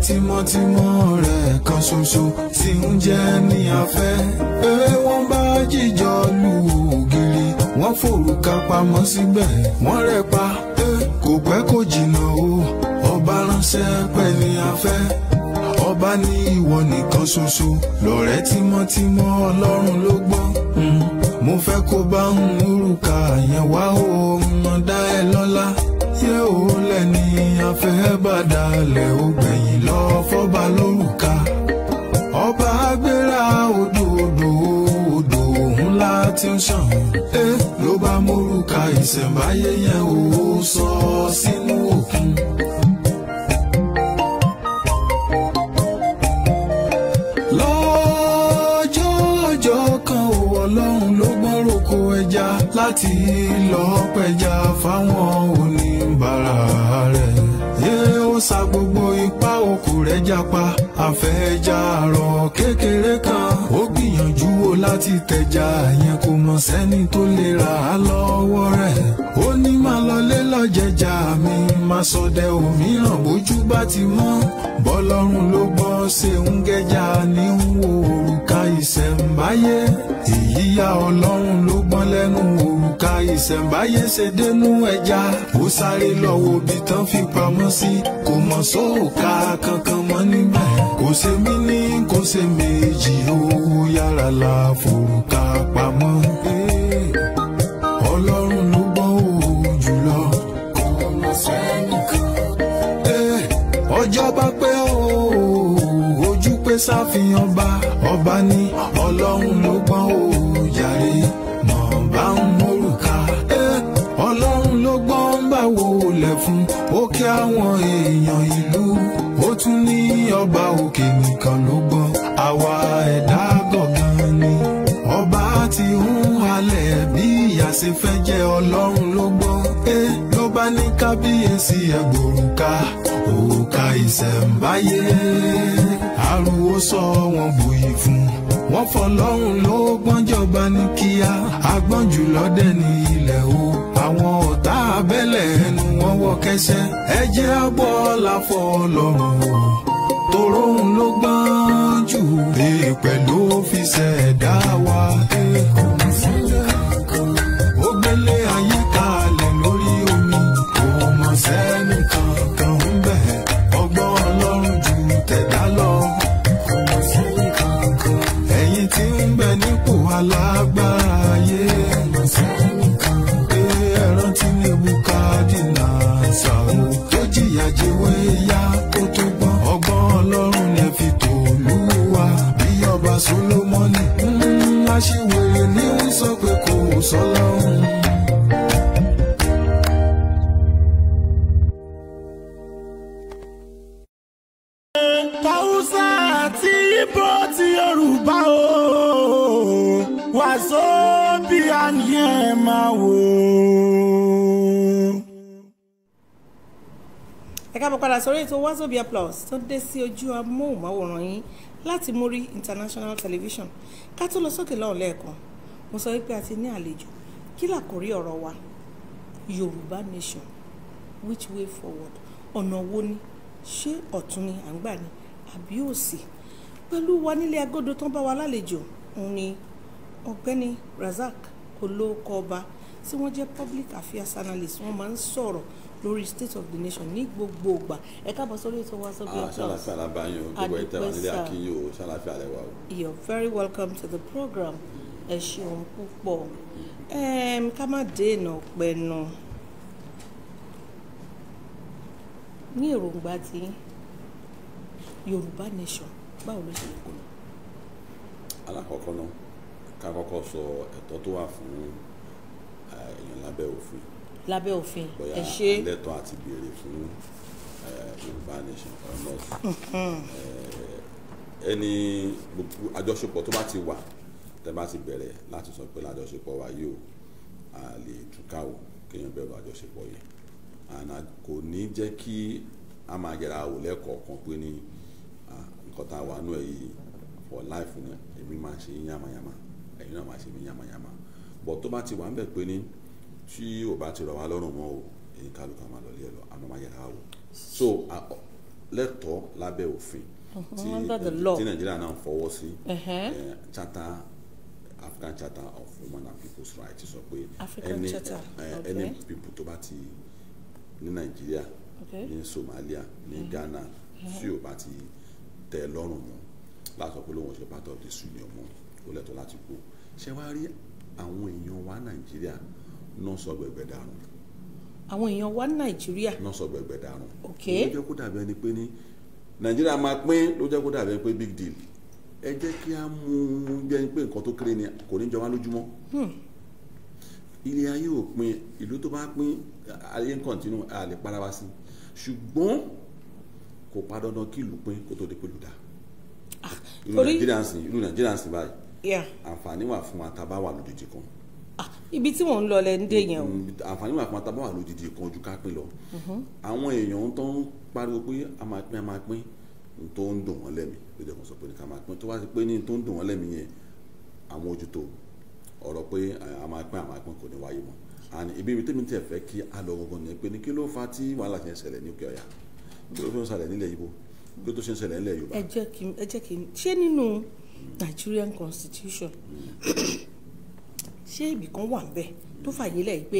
tímọ́tímọ́ rẹ̀ kan ṣoṣo tí ń jẹ́ ní afẹ́. ewé wọn bá jíjọ lu ògiri wọ́n forúkà pamọ́ síbẹ̀ wọ́n rẹ̀ pa kò pẹ́ kò jìnnà o ọba ránṣẹ́ pẹ́ ní afẹ́ ọba ní ìwọ nìkan ṣoṣo lọ̀rẹ́ tímọ́tímọ́ ọlọ́run ló gbọ́n hmm, mo fẹ́ kó bá ń múrùkà yẹn wá o ọ̀nà dá ẹ lọ́lá òun lẹ́ni afẹ́ bàdálẹ̀ ó gbẹ̀yìn lọ fọ́ba lórúkà ọba agbéra odò odò odò òun láti ń ṣàn ẹ́ ló bá mórúkà ìṣẹ̀mbáyé yẹn ó sọ sínú òkun. láti lọ pẹja fáwọn oníbàárà rẹ̀. yé ó sa gbogbo ipá okù rẹ̀ japa àfẹ́jà kékeré kan ó gbìyànjú o láti tẹja yẹn kò mọ̀ sẹ́ni tó lè rà á lọ́wọ́ rẹ̀. ó ní máa lọlé lọ mi máa sọdẹ òmíràn bójú bá ti mọ́ bọ́lọ́run ló gbọ́ ṣe ń gẹ́jà ní ń wo òrùka ìṣẹ̀ǹbáyé ìyíyá ọlọ́run ló gbọ́n lẹ́nu òrùka ìṣẹ̀ǹbáyé ṣe dénú ẹja ó sáré lọ wo tán fi pamọ́ sí kò mọ̀ sóòka kankan mọ́ níbẹ̀ kò ṣe mí ní kò ṣe méjì ó yára la fòrùka. ṣàfihàn bá ọba ní ọlọ́run ló gbọ́n ó jàre mọ̀ bá ń mórùka. Eh, ọlọ́run ló gbọ́n ń bá wo olẹ̀ fún ó kí àwọn èèyàn ìlú ó tún ní ọba òkè nìkan ló gbọ́n àwa ẹ̀dá gọ̀gán ni ọba ti hún alẹ̀ bí ìyá ṣe fẹ́ jẹ́ ọlọ́run ló gbọ́n eh, ló bá ní kábíyèsí ẹ̀gbòrúnká òòkà ìṣẹ̀ǹbáyé ariwo sọ wọn bòye fún wọn fọlọ́run ló gbọ́njọba ní kíá agbọ́njù lọ́dẹ ní ilẹ̀ o àwọn ọ̀tá abẹ́lẹ̀ ẹnu wọn wọ kẹsẹ́ ẹ abọ́ láfọ́ ọlọ́run o toróhun ló gbọ́n jù èèpẹ̀ ló fi ṣẹ̀dá wa. ó gbélé ayé kalẹ̀ lórí omi kò mọ̀ sẹ́ẹ̀. olùdarí ètò Wazobia Plus tó dé sí ojú amóhùnmáwòrán yín láti Muri International Television ká tó lọ sókè lọ́hùn lẹ́ẹ̀kan mo sọ wípé a ti ní àlejò kí làkórí ọ̀rọ̀ wa Yorùbá Nation which way forward ọ̀nà wo ni ṣé ọ̀tún ni à ń gbà ni àbí òsì pẹ̀lú wa nílé agodo tán bá wa lálejò òun ni ọ̀gbẹ́ni Razak olóòkọ́ ọba tí wọ́n jẹ́ public affairs analyst wọ́n máa ń sọ̀rọ̀ lórí state of the nation ní gbogbo ìgbà ẹ káàbọ̀ sórí ètò wa sọ́bí ọ̀pọ̀ ṣàlàfẹ́ alábàáyàn gbogbo ẹ̀tẹ̀ wà nílé akínyìn o ṣàlàfẹ́ alẹ́ wa o. you are very welcome to the program ẹ ṣeun púpọ̀ ká má dènà pẹ̀nu ní èròǹgbà tí yorùbá nation báwo ló ṣe kó lọ. alákọ̀ọ́kọ́ náà ká kọ́kọ́ sọ ẹ̀tọ́ tó wà fún èèyàn lábẹ́ òfin lábẹ́ òfin ẹ ṣe. bóyá lẹ́tọ̀ àti béèrè fún yorùbá nation or not ẹni gbogbo àjọṣepọ̀ tó bá ti wà tẹ́ bá ti bẹ̀rẹ̀ láti sọ pé lájọṣepọ̀ wa yóò a lè túká o kéèyàn bẹ̀rù àjọṣepọ̀ yẹn àná kò ní jẹ́ kí a máa yẹra wò lẹ́kọ̀ọ̀kan pé ní nǹkan tá a wà nù ẹ̀ yìí for life ni èmi máa ṣe yín yàmàyàmà ẹ̀yin náà máa ṣe mí yàmàyàmà bọ̀ tó bá ti wà ń bẹ̀ pé ní tí ò bá ti rọ̀ wá lọ́rùn mọ́ o èyí kálukú máa lọ ilé ẹ lọ àmọ́ máa yẹra o so lẹ́tọ̀ọ́ lábẹ́ òfin uh-huh, eh, tí nàìjíríà náà fọwọ́ sí uh-huh. eh, charter african charter of women and people's rights sọ pé any eh, any people tó bá ti ní nàìjíríà ní somalia ní uh-huh. ghana tí ò bá ti tẹ́ lọ́rùn mọ́ láti sọ pé lóun ò ṣe part of this union mọ́ ó lẹ́tọ̀ọ́ láti kú ṣé wàá rí àwọn èèyàn wa nàìjíríà náà sọ gbẹgbẹ dànù. àwọn èèyàn wá nàìjíríà. náà sọ gbẹgbẹ dànù. ok ló jẹ́ kó dàbí ẹni pé ní nàìjíríà máa pín ló jẹ́ kó dàbí pé big deal ẹ jẹ́ kí a mú un jẹ́ pé nǹkan tó kéré ni kò ní jọ wá lójúmọ́. Hmm. ilé ayé ò pin ìlú tó bá pín ayé ń kọ̀ntínú a lè para wa sí ṣùgbọ́n kò pa dandan kí ìlú pín kó tó di pé ìlú dá. Ah, ìlú nàìjíríà ń sìn ìlú nàìjíríà ń sìn báyìí àǹfààní wà fún wa tá a bá wà kan. Ah, ibi tí mò ń lọ lẹ ń dé yẹn o. Mm, mm, àǹfààní wà fún atábọ̀ àlòjìjì kan ju ká pín lọ. Mm-hmm. àwọn èèyàn tó ń pariwo pé a máa pín a máa pín tó ń dùn wọ́n lẹ́mìí ló jẹ́ kó sọ pé ní ká máa pín tó bá ti pé ní tó ń dùn wọ́n lẹ́mìí yẹn àwọn ojútò ọ̀rọ̀ pé a máa pín a máa pín kò ní wáyé mọ́ àní ibi ibi tẹ́mi tẹ̀ fẹ́ kí a lọ gbọ́ngàn ni pé ní kí ló fa tí wàhálà ti ń ṣẹlẹ̀ ní òkè ọ̀yà kí ló fi ń ṣẹlẹ̀ nílẹ̀ ṣé ibì kan wà níbẹ̀ tó fàyè lẹ̀ pé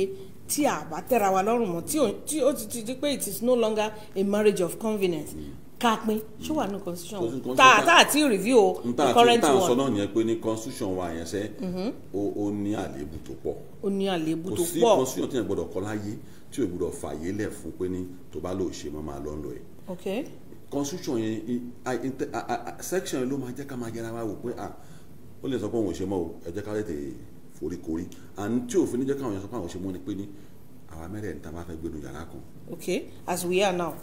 tí a bá tẹ́ra wa lọ́rùn mọ́ tí ó ti di pé it is no longer a marriage of convenience ká pín ṣó wà ní constitution tá tá àti review o the current one. nta sọ náà yẹn pé ní constitution wa yẹn sẹ mm-hmm. ó ní àléébù tó pọ̀ ó ní àléébù tó pọ̀ kò sí constitution tí yẹn gbọ́dọ̀ kọ láyé tí o gbọ́dọ̀ fààyè lẹ̀ fún pé ní tó bá lò ṣe máa lọ lọ ẹ. constitution yẹn section yẹn ló máa jẹ́ ká máa yẹra wa wò pé ah ó lè sọ pé òun ò ṣe mọ́ o ẹ jẹ́ ká lè tèè foríkorí and tí òfin níjẹ́ káwọn yẹn sọ pé àwọn ṣe mọ́ ni pé ní àwa mẹ́rẹ̀ẹ̀rin tá a bá fẹ́ gbénu yàrá kan. okay as we are now.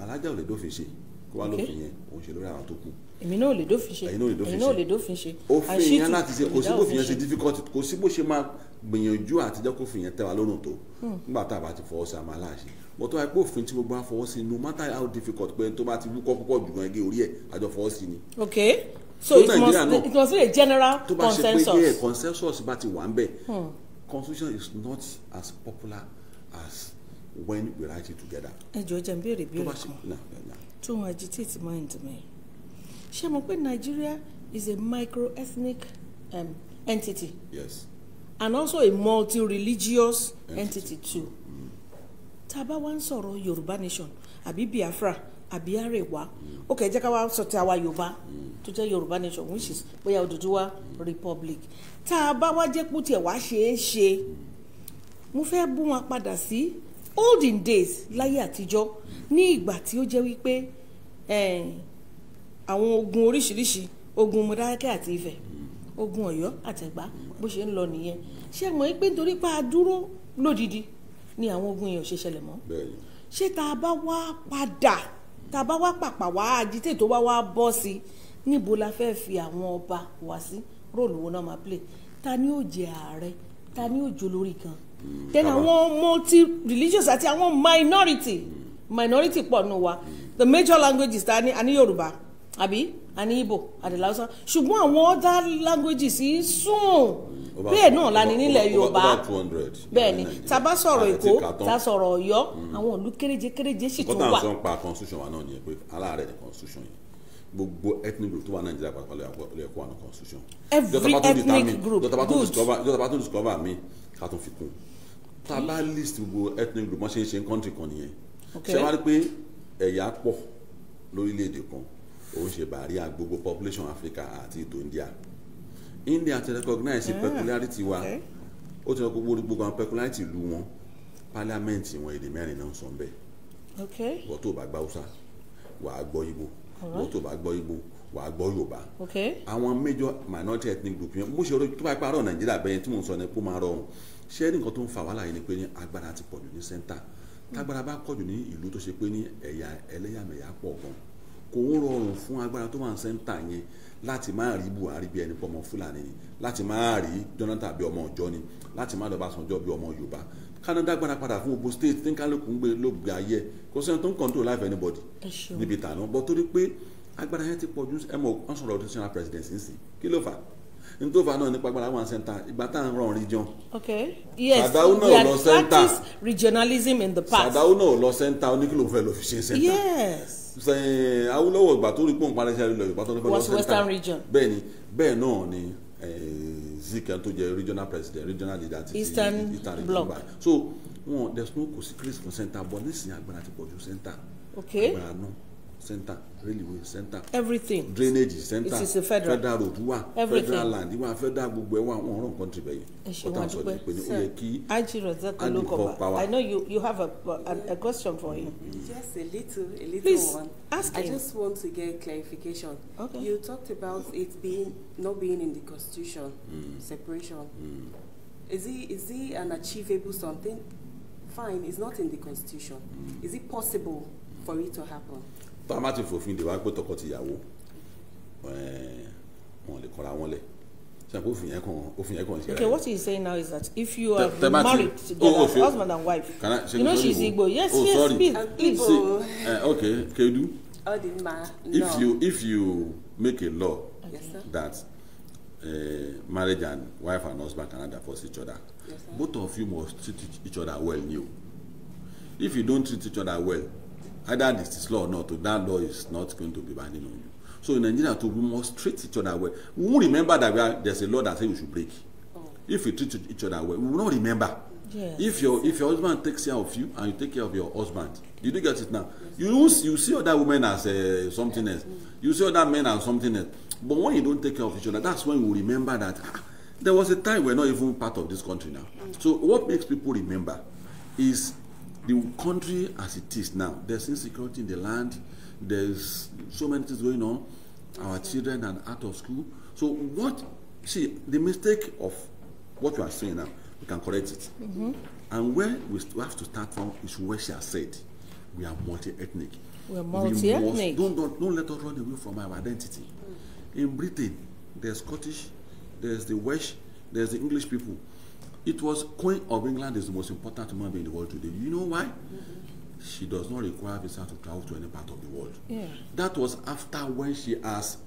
alájà ò lè dófin ṣe kó wá lófin yẹn òun ṣe lórí àwọn tó kù èmi náà ò lè dófin ṣe èmi náà ò lè dófin ṣe òfin yẹn láti ṣe kò sí bófin yẹn ṣe difficult kò sí bó ṣe máa gbìyànjú àtijọ́ kó fìyẹn tẹ́ wa lọ́rùn tó hmm. nígbà tá a bá ti fọwọ́ sí àmà aláṣẹ mo tọ́ àìpé òfin tí gbogbo á fọwọ́ sí no matter how difficult pé tó bá ti wúkọ́ púpọ̀ jù so it must no, it must be a general consensus. yeah consensus bá ti wà ń bẹ̀ hmm. constitution is not as popular as when we write it together. ẹ jọ̀ọ́ jẹ́ n béèrè béèrè kan tó ń agitate mind mi ṣé mo pé Nigeria is a micro-ethnic um, entity. Yes. and also a multi-religious entity, entity too. Mm. tá a bá wá ń sọ̀rọ̀ Yorùbá nation àbí Biafra àbí àrẹwà ó kẹ́ ẹ jẹ́ ká wá sọ ti àwa yorùbá tó jẹ́ yorùbá nation which is bóyá Odùduwà republic tá a bá wá jẹ́ pútì ẹ̀ wá ṣe é ṣe mo fẹ́ bú wọn padà sí olden days láyé àtijọ́ ní ìgbà tí ó jẹ́ wípé àwọn ogun oríṣiríṣi ogun Mọdákẹ́kẹ́ àti Ifẹ̀ ogun Ọ̀yọ́ àtẹ̀gbá bó ṣe ń lọ nìyẹn ṣé mọ̀ pé nítorí pa dúró lódìdí ni àwọn ogun yẹn ò ṣe ṣẹlẹ̀ mọ́ ṣé tá bá wá padà tàbá wá pàpà wá àjítè tó bá wá bọ́ sí níbo la fẹ́ fi àwọn ọba wá sí róòlù wo náà máa play ta ni ó jẹ ààrẹ ta ni ó jẹ olórí then àwọn multi religious àti àwọn minority minority pọ̀ nù wa the major languages ta ni a ní Yorùbá àbí àní ibo àdìlà Haúsá ṣùgbọ́n àwọn other language yìí sùn bẹ́ẹ̀ náà la ní nílẹ̀ Yorùbá bẹ́ẹ̀ ni Taba bá sọ̀rọ̀ Èkó tá sọ̀rọ̀ Ọ̀yọ́ mm. àwọn ìlú kéréje kéréje sì tún wà. kọ́tà ń sọ pa constitution wa náà nìyẹn pé aláàárẹ̀ ni constitution yìí gbogbo ethnic group tó wà nàìjíríà pàápàá lè kó àná constitution. every ethnic group good jọta bá tó discover mi ká tó fi kún tá a bá list gbogbo ethnic group wọ́n ṣe é ṣe country kan nìyẹn ṣé wàá rí pé ẹ̀yà pọ̀ lórílẹ̀‐èdè kan ó ń ṣe bàríà gbogbo population Africa àti ètò India India ti recognize yeah. Mm. peculiarity wa ó ti rọ gbogbo gbogbo àwọn peculiarity ìlú wọn parliament wọn èdè mẹ́rin náà ń sọ bẹ́ẹ̀ wọ́n tó bá gbá Hausa wàá gbọ́ Igbo wọ́n tó bá gbọ́ Igbo wàá gbọ́ Yorùbá àwọn major minority ethnic group yẹn mo ṣe ọ̀rọ̀ tó bá parọ́ Nàìjíríà bẹ́ẹ̀ tí mò ń sọ ni kó máa rọrùn ṣé ní nǹkan tó ń fa wàhálà yìí ni pé ní agbára ti pọ̀jù ní sẹ́ńtà tágbára bá pọ̀jù ní ìlú tó ṣe pé ní ẹ̀yà ẹlẹ́yàmẹ̀yà pọ̀ gan-an kò rọrùn fún agbára tó wà ní sẹ́ńtà yẹn láti má rí Buhari bí ẹni pọmọ Fúlàní ni láti má rí Jonathan bí ọmọ ọjọ́ ni láti má lọ́ba sanjọ́ bí ọmọ Yorùbá Canada gbára padà fún gbogbo state tí kálukú ń gbé lóògbé ayé kò sẹ́ni tó ń control life anybody níbi tàná bọ́ torí pé agbára yẹn ti pọ̀ ju ẹ mọ̀ wọ́n sọ̀rọ̀ traditional presidency sí kí ló fà ntòfà náà nípa agbára one center ìgbà tá à ń ràn region. okay yes Sadao we had practiced regionalism in the past. Sadao náà lọ center oníkìlò lọ fi ṣe center. yes Awólọ́wọ̀ ìgbà tó rí pòun parí iṣẹ́ lọ Yorùbá tó ní fẹ́ lọ Western region bẹ́ẹ̀ ni bẹ́ẹ̀ náà ni eh, Zik tó jẹ́ regional president regional leader ti Eastern bloc so wọn there's no kò sí craze for center but nísìnyí agbára ti pọ̀ ju center agbára náà center railway center. everything drainage center it is a federal federal road wa everything federal land wa federal gbogbo ẹ wa wọn ọ̀ràn country bẹyẹ. ẹ ṣe wọn dúpẹ́ sir ajiro zeko lokoba i know you you have a a, a question for him. just a little a little Please, one. ask him. i just want to get clarification. okay you talked about it being not being in the constitution. Mm. separation. Mm. is he is he an achievable something. fine it's not in the constitution. Mm. is it possible for it to happen tá a má ti fòfin dè wá pé tọkọ eh, wọn lè kọ́ra wọn lẹ̀ sọ òfin yẹn kàn òfin yẹn kàn ṣe. okay what he is saying now is that if you are Te married oh, together oh, husband and wife I, you know she is Igbo yes oh, yes sorry. please please. Uh, okay Kedu. Odinma no. if you if you make a law okay. that uh, marriage and wife and husband cannot divorce each other yes, both of you must treat each other well new if you don't treat each other well either it is law or not that law is not going to be binding on you so in Nigeria to we must treat each other well we won't remember that we are, there's a law that say we should break oh. if we treat each other well we will not remember yes. if your if your husband takes care of you and you take care of your husband you do get it now yes. you you see other women as uh, something else you see other men as something else but when you don't take care of each other that's when you remember that ah, there was a time we're not even part of this country now mm. so what makes people remember is the country as it is now, there's insecurity in the land, there's so many things going on. Our children are out of school. So what see the mistake of what you are saying now, we can correct it. Mm-hmm. And where we have to start from is where she has said we are multi-ethnic. We are multi-ethnic. We don't, don't, don't let us run away from our identity. In Britain, there's Scottish, there's the Welsh, there's the English people. It was Queen of England is the most important woman in the world today. You know why? Mm -hmm. She does not require visa to travel to any part of the world. Yeah. That was after when she has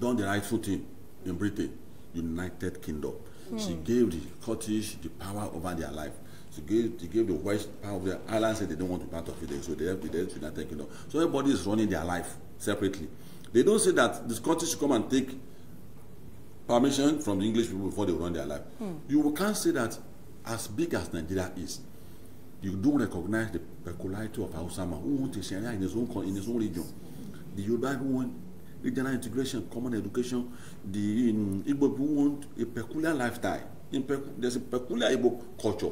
done the right thing in Britain, United Kingdom. Mm. She gave the Scottish the power over their life. She gave, she gave the West power of their island said they don't want to be part of it, so they have the United Kingdom. So everybody is running their life separately. They don't say that the Scottish come and take permission from the English people before they run their life. Hmm. You can't say that as big as Nigeria is, you do recognize the peculiarity of Hausama man who want Sharia in his own in his own region. The Yoruba who want regional integration, common education. The in Igbo who want a peculiar lifestyle. In pecu- there's a peculiar Igbo culture.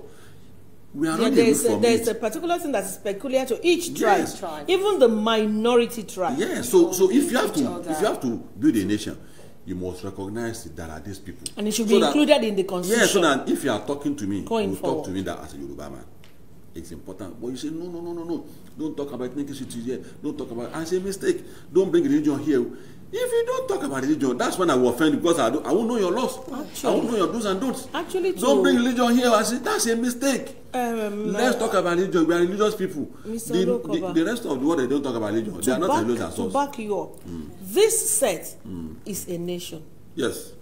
We are yeah, not there's, a, there's it. a particular thing that is peculiar to each tribe, yes. tribe, even the minority tribe. Yeah. So so if you have to if you have to build a nation, you must recognize that are these people. And it should so be included that, in the constitution. Yes, yeah, so that if you are talking to me, Going you will forward. talk to me that as a Yoruba man. It's important. But you say, no, no, no, no, no. Don't talk about ethnic here. Don't talk about. I say, mistake. Don't bring religion here. If you don't talk about religion, that's when I will offend you because I, do, I won't know your loss. Actually, I won't know your do's and don'ts. Actually, too, don't bring religion here. I say, that's a mistake. Um, Let's uh, talk about religion. We are religious people. Mr. The, the, the rest of the world, they don't talk about religion. They are not back, religious at all. To back you up, mm. this set mm. is a nation. Yes.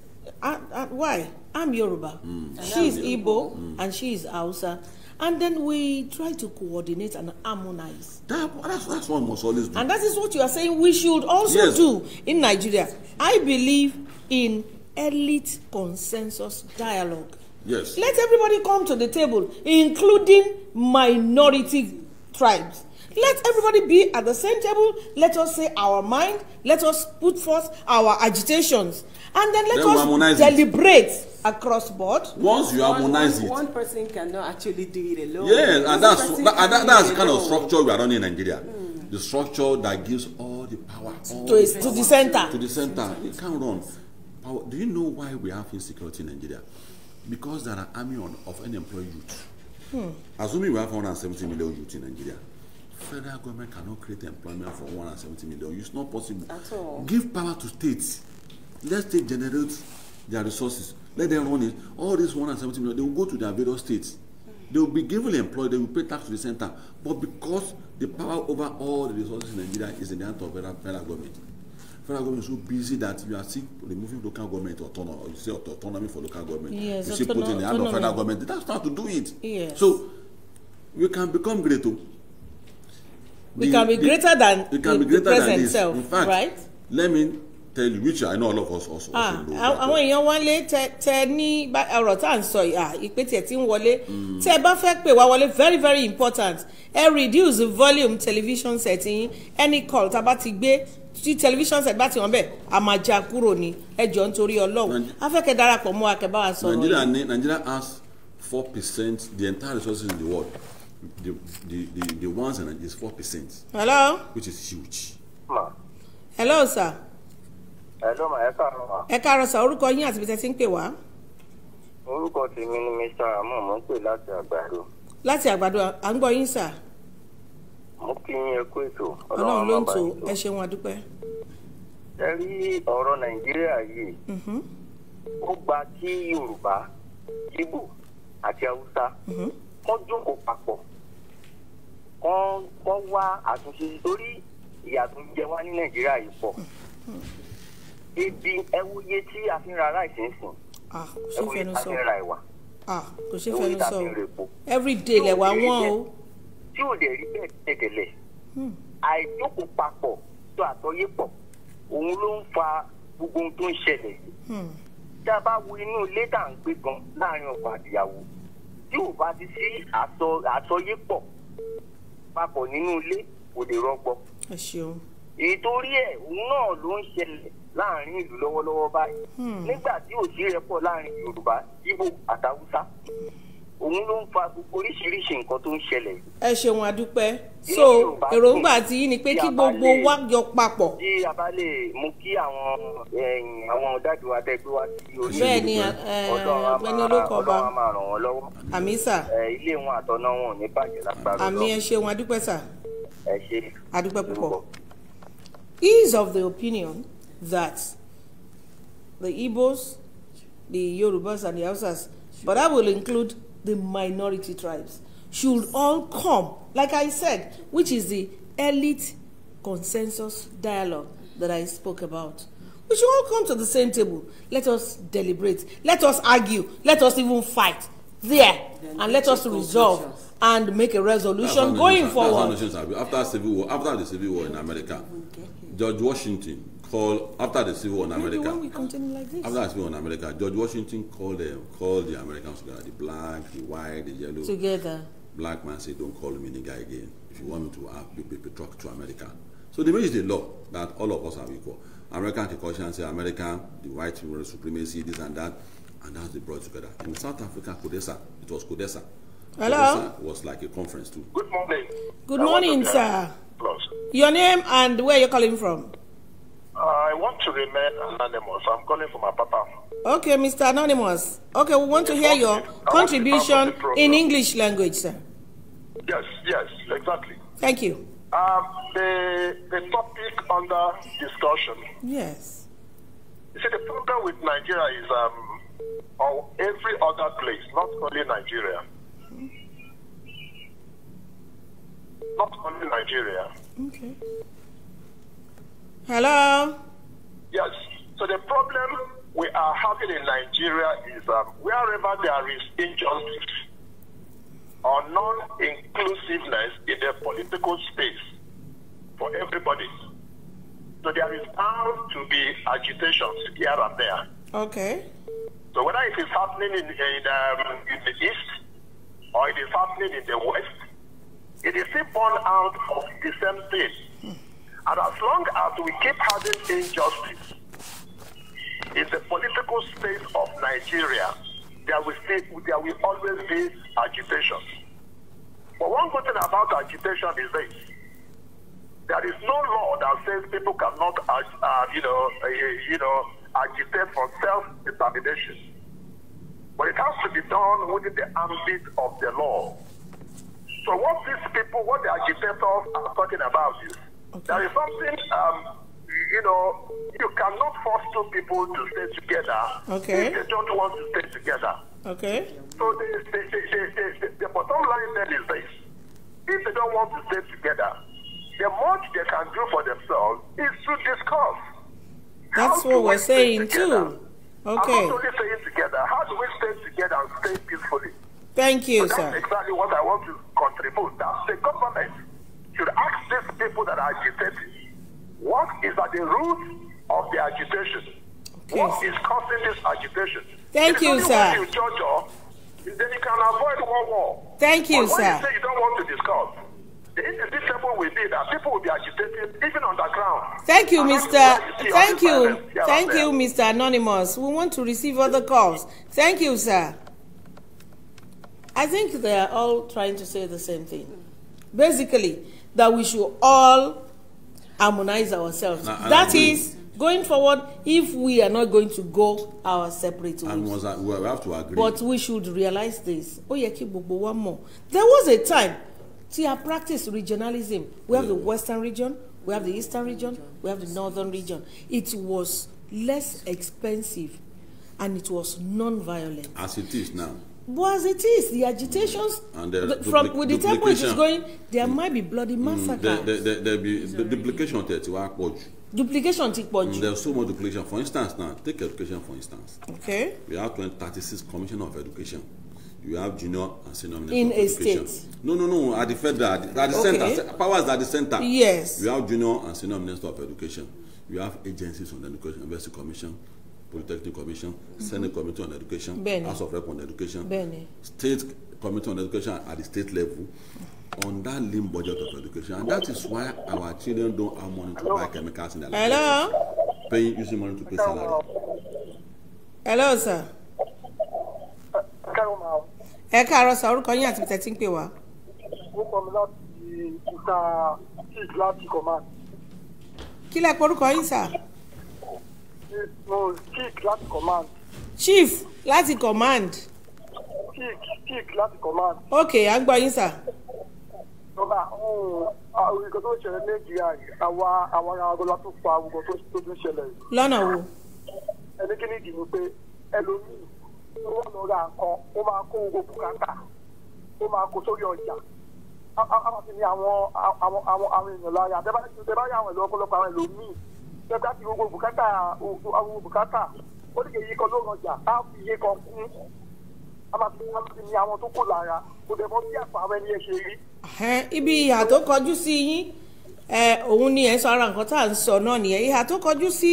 I, I, why? I'm Yoruba. Mm. She is Igbo mm. and she is Hausa. And then we try to coordinate and harmonize. That, that's, that's what one must always do. And that is what you are saying we should also yes. do in Nigeria. I believe in elite consensus dialogue. Yes. Let everybody come to the table, including minority tribes. Let everybody be at the same table. Let us say our mind. Let us put forth our agitations and then let then us deliberate it. across board. once you harmonize it. one person cannot actually do it alone. yes and that's that, that, that's, that's the kind of structure we are running in nigeria. Mm. the structure that gives all the power. All to, the, to the center. to the center it can run. Power. do you know why we have insecurity in nigeria? because there are army on, of unemployed youth. Hmm. assuming we have 170 million youth in nigeria federal government cannot create employment for 170 million it's not possible. at all give power to states let's take generate their resources let them run it all these one and seventy million they will go to their various states they will be given employed they will pay tax to the center but because the power over all the resources in nigeria is in the hands of federal federal government federal government so busy that you are still removing local government autonomy you say autonomy for local government yes, you see put in the hand of federal government that's how to do it yes. so we can become great o. Oh. we the, can be the, greater than the, the, present self right? let me Tell you which I know all of us also. Ah, àwọn èèyàn wọlé tẹ tẹ ní ọ̀rọ̀ tá à ń sọ ìpè tiẹ̀ tí ń wọlé tẹ bá fẹ́ pè wá wọlé very very important ẹ reduce volume television set yín any call tá a bá ti gbé tí television set bá ti wọ́n bẹ̀ a máa já kúrò ní ẹjọ́ nítorí ọlọ́run afẹ́kẹ́ darapọ̀ mọ́ akẹ́bá wa sọ̀rọ̀ Nigeria ní Nigeria has four percent the entire resources in the world the the the, the ones in Nigeria is four percent. hello. which is huge. hello sir hello ma ẹ káàárọ̀ ma. ẹ káàárọ̀ sọ orúkọ yín àti ibiṣẹ́ tí ń pè wá. orúkọ tèmi ni mr amọ̀ mo ń pè láti àgbàdo. láti àgbàdo à ń gbọ́ yín sà. mo kí yín ẹ kú ètò ọlọ́run ló ń tò ẹ ṣeun àdúpẹ́. ẹ rí ọ̀rọ̀ nàìjíríà yìí mm-hmm. ó gba kí yorùbá ibo àti haúsá kọ́ mm-hmm. jókòó papọ̀ kọ́ wá àtúnṣe torí ìyà tó ní nàìjíríà yìí pọ̀. Mm-hmm ibi ẹ wo iye tí a fi ń ra ráìsì ń sìn ah, ẹ wo iye tí a fi ń ra ẹ̀wà ah, kò ṣe fẹnu sọ everyday lẹ̀wà wọ́n o. tí ò dẹ̀ rí bẹ́ẹ̀ tẹ̀tẹ̀lẹ̀ hmm. àìjókòó papọ̀ tó àtọ́yé pọ̀ òun ló ń fa gbogbo ohun tó ń ṣẹlẹ̀ hmm. tá a bá wo inú ilé tá à ń gbé gan láàrin ọkọ àtìyàwó tí ò bá ti sí àtọ́yé pọ̀ papọ̀ nínú ilé kò lè rọgbọ. ẹ ṣeun ìtorí ẹ̀ òun náà ló ń ṣẹlẹ̀ láàrin ìlú lọ́wọ́lọ́wọ́ báyìí hmm. nígbà tí òsì rẹ̀ pọ̀ láàrin Yorùbá Ìgbò àtàwùsá òun ló ń fa gbogbo oríṣiríṣi nǹkan tó ń ṣẹlẹ̀. ẹ ṣeun àdúpẹ́ so èròǹgbà tí yín ni pé kí gbogbo wa jọ papọ̀. tí a bá lè mú kí àwọn àwọn dájú wa tẹ́ gbé wá sí orí ìlú ọlọ́run á máa ràn wọ́n lọ́wọ́. àmì sà. ilé wọn àtọ̀nà wọn ò ní bàjẹ́ lágbára lọ. àmì ẹ ṣeun àdúpẹ́ sà. ẹ ṣe. àdúpẹ́ púpọ̀. is of the opinion that the Igbos, the Yorubas, and the Hausas, but I will include the minority tribes, should all come, like I said, which is the elite consensus dialogue that I spoke about. We should all come to the same table. Let us deliberate. Let us argue. Let us even fight there. Then and let us resolve and make a resolution going forward. After, civil war, after the Civil War in America, okay. George Washington called after the Civil War in America. Maybe when we continue like this. After the Civil War in America, George Washington called them, called the Americans together, the black, the white, the yellow. Together. Black man said, "Don't call me nigger again. If you want me to have, be, be, truck to America." So they made the law that all of us are equal. American concussion say American, the white supremacy, this and that, and that's they brought together. In South Africa, Kodesa, it was Kodesa. Hello. Kodesa was like a conference too. Good morning. Good morning, sir. Plus. Your name and where you're calling from? Uh, I want to remain anonymous. I'm calling from my papa. Okay, Mr. Anonymous. Okay, we want to hear your contribution in English language, sir. Yes, yes, exactly. Thank you. Um, the, the topic under discussion. Yes. You see, the problem with Nigeria is, um, or every other place, not only Nigeria, not only Nigeria. Okay. Hello? Yes. So the problem we are having in Nigeria is um, wherever there is injustice or non-inclusiveness in the political space for everybody. So there is bound to be agitations here and there. Okay. So whether it is happening in, in, um, in the east or it is happening in the west, it is still born out of the same thing. And as long as we keep having injustice in the political space of Nigeria, there will, stay, there will always be agitation. But one good thing about agitation is this. There is no law that says people cannot, uh, you know, uh, you know, agitate for self-determination. But it has to be done within the ambit of the law. So what these people, what the agitators are talking about is okay. there is something, um, you know, you cannot force two people to stay together okay. if they don't want to stay together. Okay. So the, the, the, the, bottom line then is this. If they don't want to stay together, the much they can do for themselves is to discuss. That's what we're saying together. too. Okay. I'm not only stay together, how do we stay together and stay peacefully? Thank you, so sir. exactly what I want to contribute. That the government should ask these people that are agitated, what is at the root of the agitation? Okay. What is causing this agitation? Thank you, sir. You judge of, oh, then you can avoid one war. Thank you, but sir. When you say you don't want to discuss, the inevitable will be that people will be agitated even underground. Thank you, Mr. Thank you. Thank you, Mr. Anonymous. We want to receive other calls. Thank you, sir. I think they are all trying to say the same thing. Basically, that we should all harmonize ourselves. Now, that is, going forward, if we are not going to go our separate ways. And was, well, we have to agree. But we should realize this. Oh, yeah, Kibobo, one more. There was a time, see, I practice regionalism. We have yeah. the Western region, we have the Eastern region, we have the Northern region. It was less expensive and it was non-violent. As it is now. But as it is, the agitations and the, from with the tempo it is going, there mm, might be bloody massacre. Mm, there, there, there be the duplication tẹ̀ ti wá pọ̀ Duplication ti pọ̀ jù. Mm, there's so much duplication. For instance, now take education for instance. Okay. We have twenty thirty six commission of education. You have junior and senior minister in of education. In a state. No, no, no. At the federal, at the, at the okay. center, powers at the center. Yes. You have junior and senior minister of education. You have agencies on the education, university commission polytechnic commission senate mhm. committee on education Bene. house of rep on education Bene. state committee on education at the state level mm-hmm. on that lean budget of education and that is why our children don't have money to buy chemicals in their life paying using money to pay salary. hello sir. ẹ káàárọ̀ sọ orúkọ yín àti bìtẹ́ ń pè wá. ó kọ́ mi láti ìta tíì láti kọ̀ kí lẹ pe orúkọ yín sà no chief láti command. chief láti command. chief chief láti command. ok à ń gbọ́ yín sà. ọba nǹkan tó ń ṣẹlẹ̀ nàìjíríà àwa àwa ará la tó fa àwùjọ tó tún ṣẹlẹ̀. lọ́nà wo. ẹni kí ni ìdí ni pé ẹlòmíì wọ́n lọ ra nǹkan ó máa kó owó bùkátà ó máa kó sórí ọjà a máa fi ní àwọn àwọn àwọn èèyàn lára àtẹ́bá yà àwọn ìlú ọ̀pọ̀lọpọ̀ àwọn ẹlòmíì tẹ́tà ti gbogbo bùkátà àwọn bùkátà ó ní kèyí kan ló rọjà á fi iye kan kún a máa fi wọn ní àwọn tó kù lára kò dẹ̀ mọ́ bí àpò àwọn ẹ ṣe rí. ibi ìhà tó kọjú sí yín òun ni ẹ sọ ara nǹkan tá à ń sọ náà nìyẹn ìhà tó kọjú sí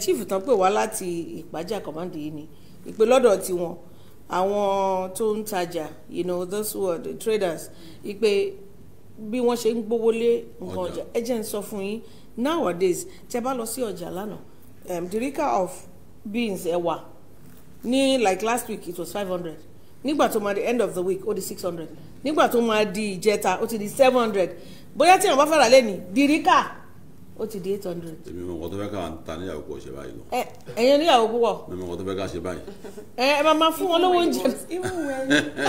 chief tán pè wá láti ìpájà command yìí ni ìpè lọ́dọ̀ tiwọn àwọn tó ń tajà you know those who are the traders ìpè bí wọ́n ṣe ń gbówó lé nǹkan ọjà ẹ jẹ́ ń sọ fún yín nowadays tẹ bá lọ sí ọjà lánàá um, the rica of beans ẹ̀wà ní like last week it was five hundred nígbà tó máa di end of the week ó di six hundred nígbà tó máa di ìjẹta ó ti di seven hundred bóyá tí wọn bá fara lẹ́nu the rica ó ti di eight hundred. èmi mọ tó fẹ́ ká ta níyàwó pọ̀ ṣe báyìí. ẹ eh, ẹyin níyàwó púpọ̀. mi mọ nǹkan tó fẹ́ ká ṣe báyìí. Eh, ẹ máa fún wọn lówó oúnjẹ. even when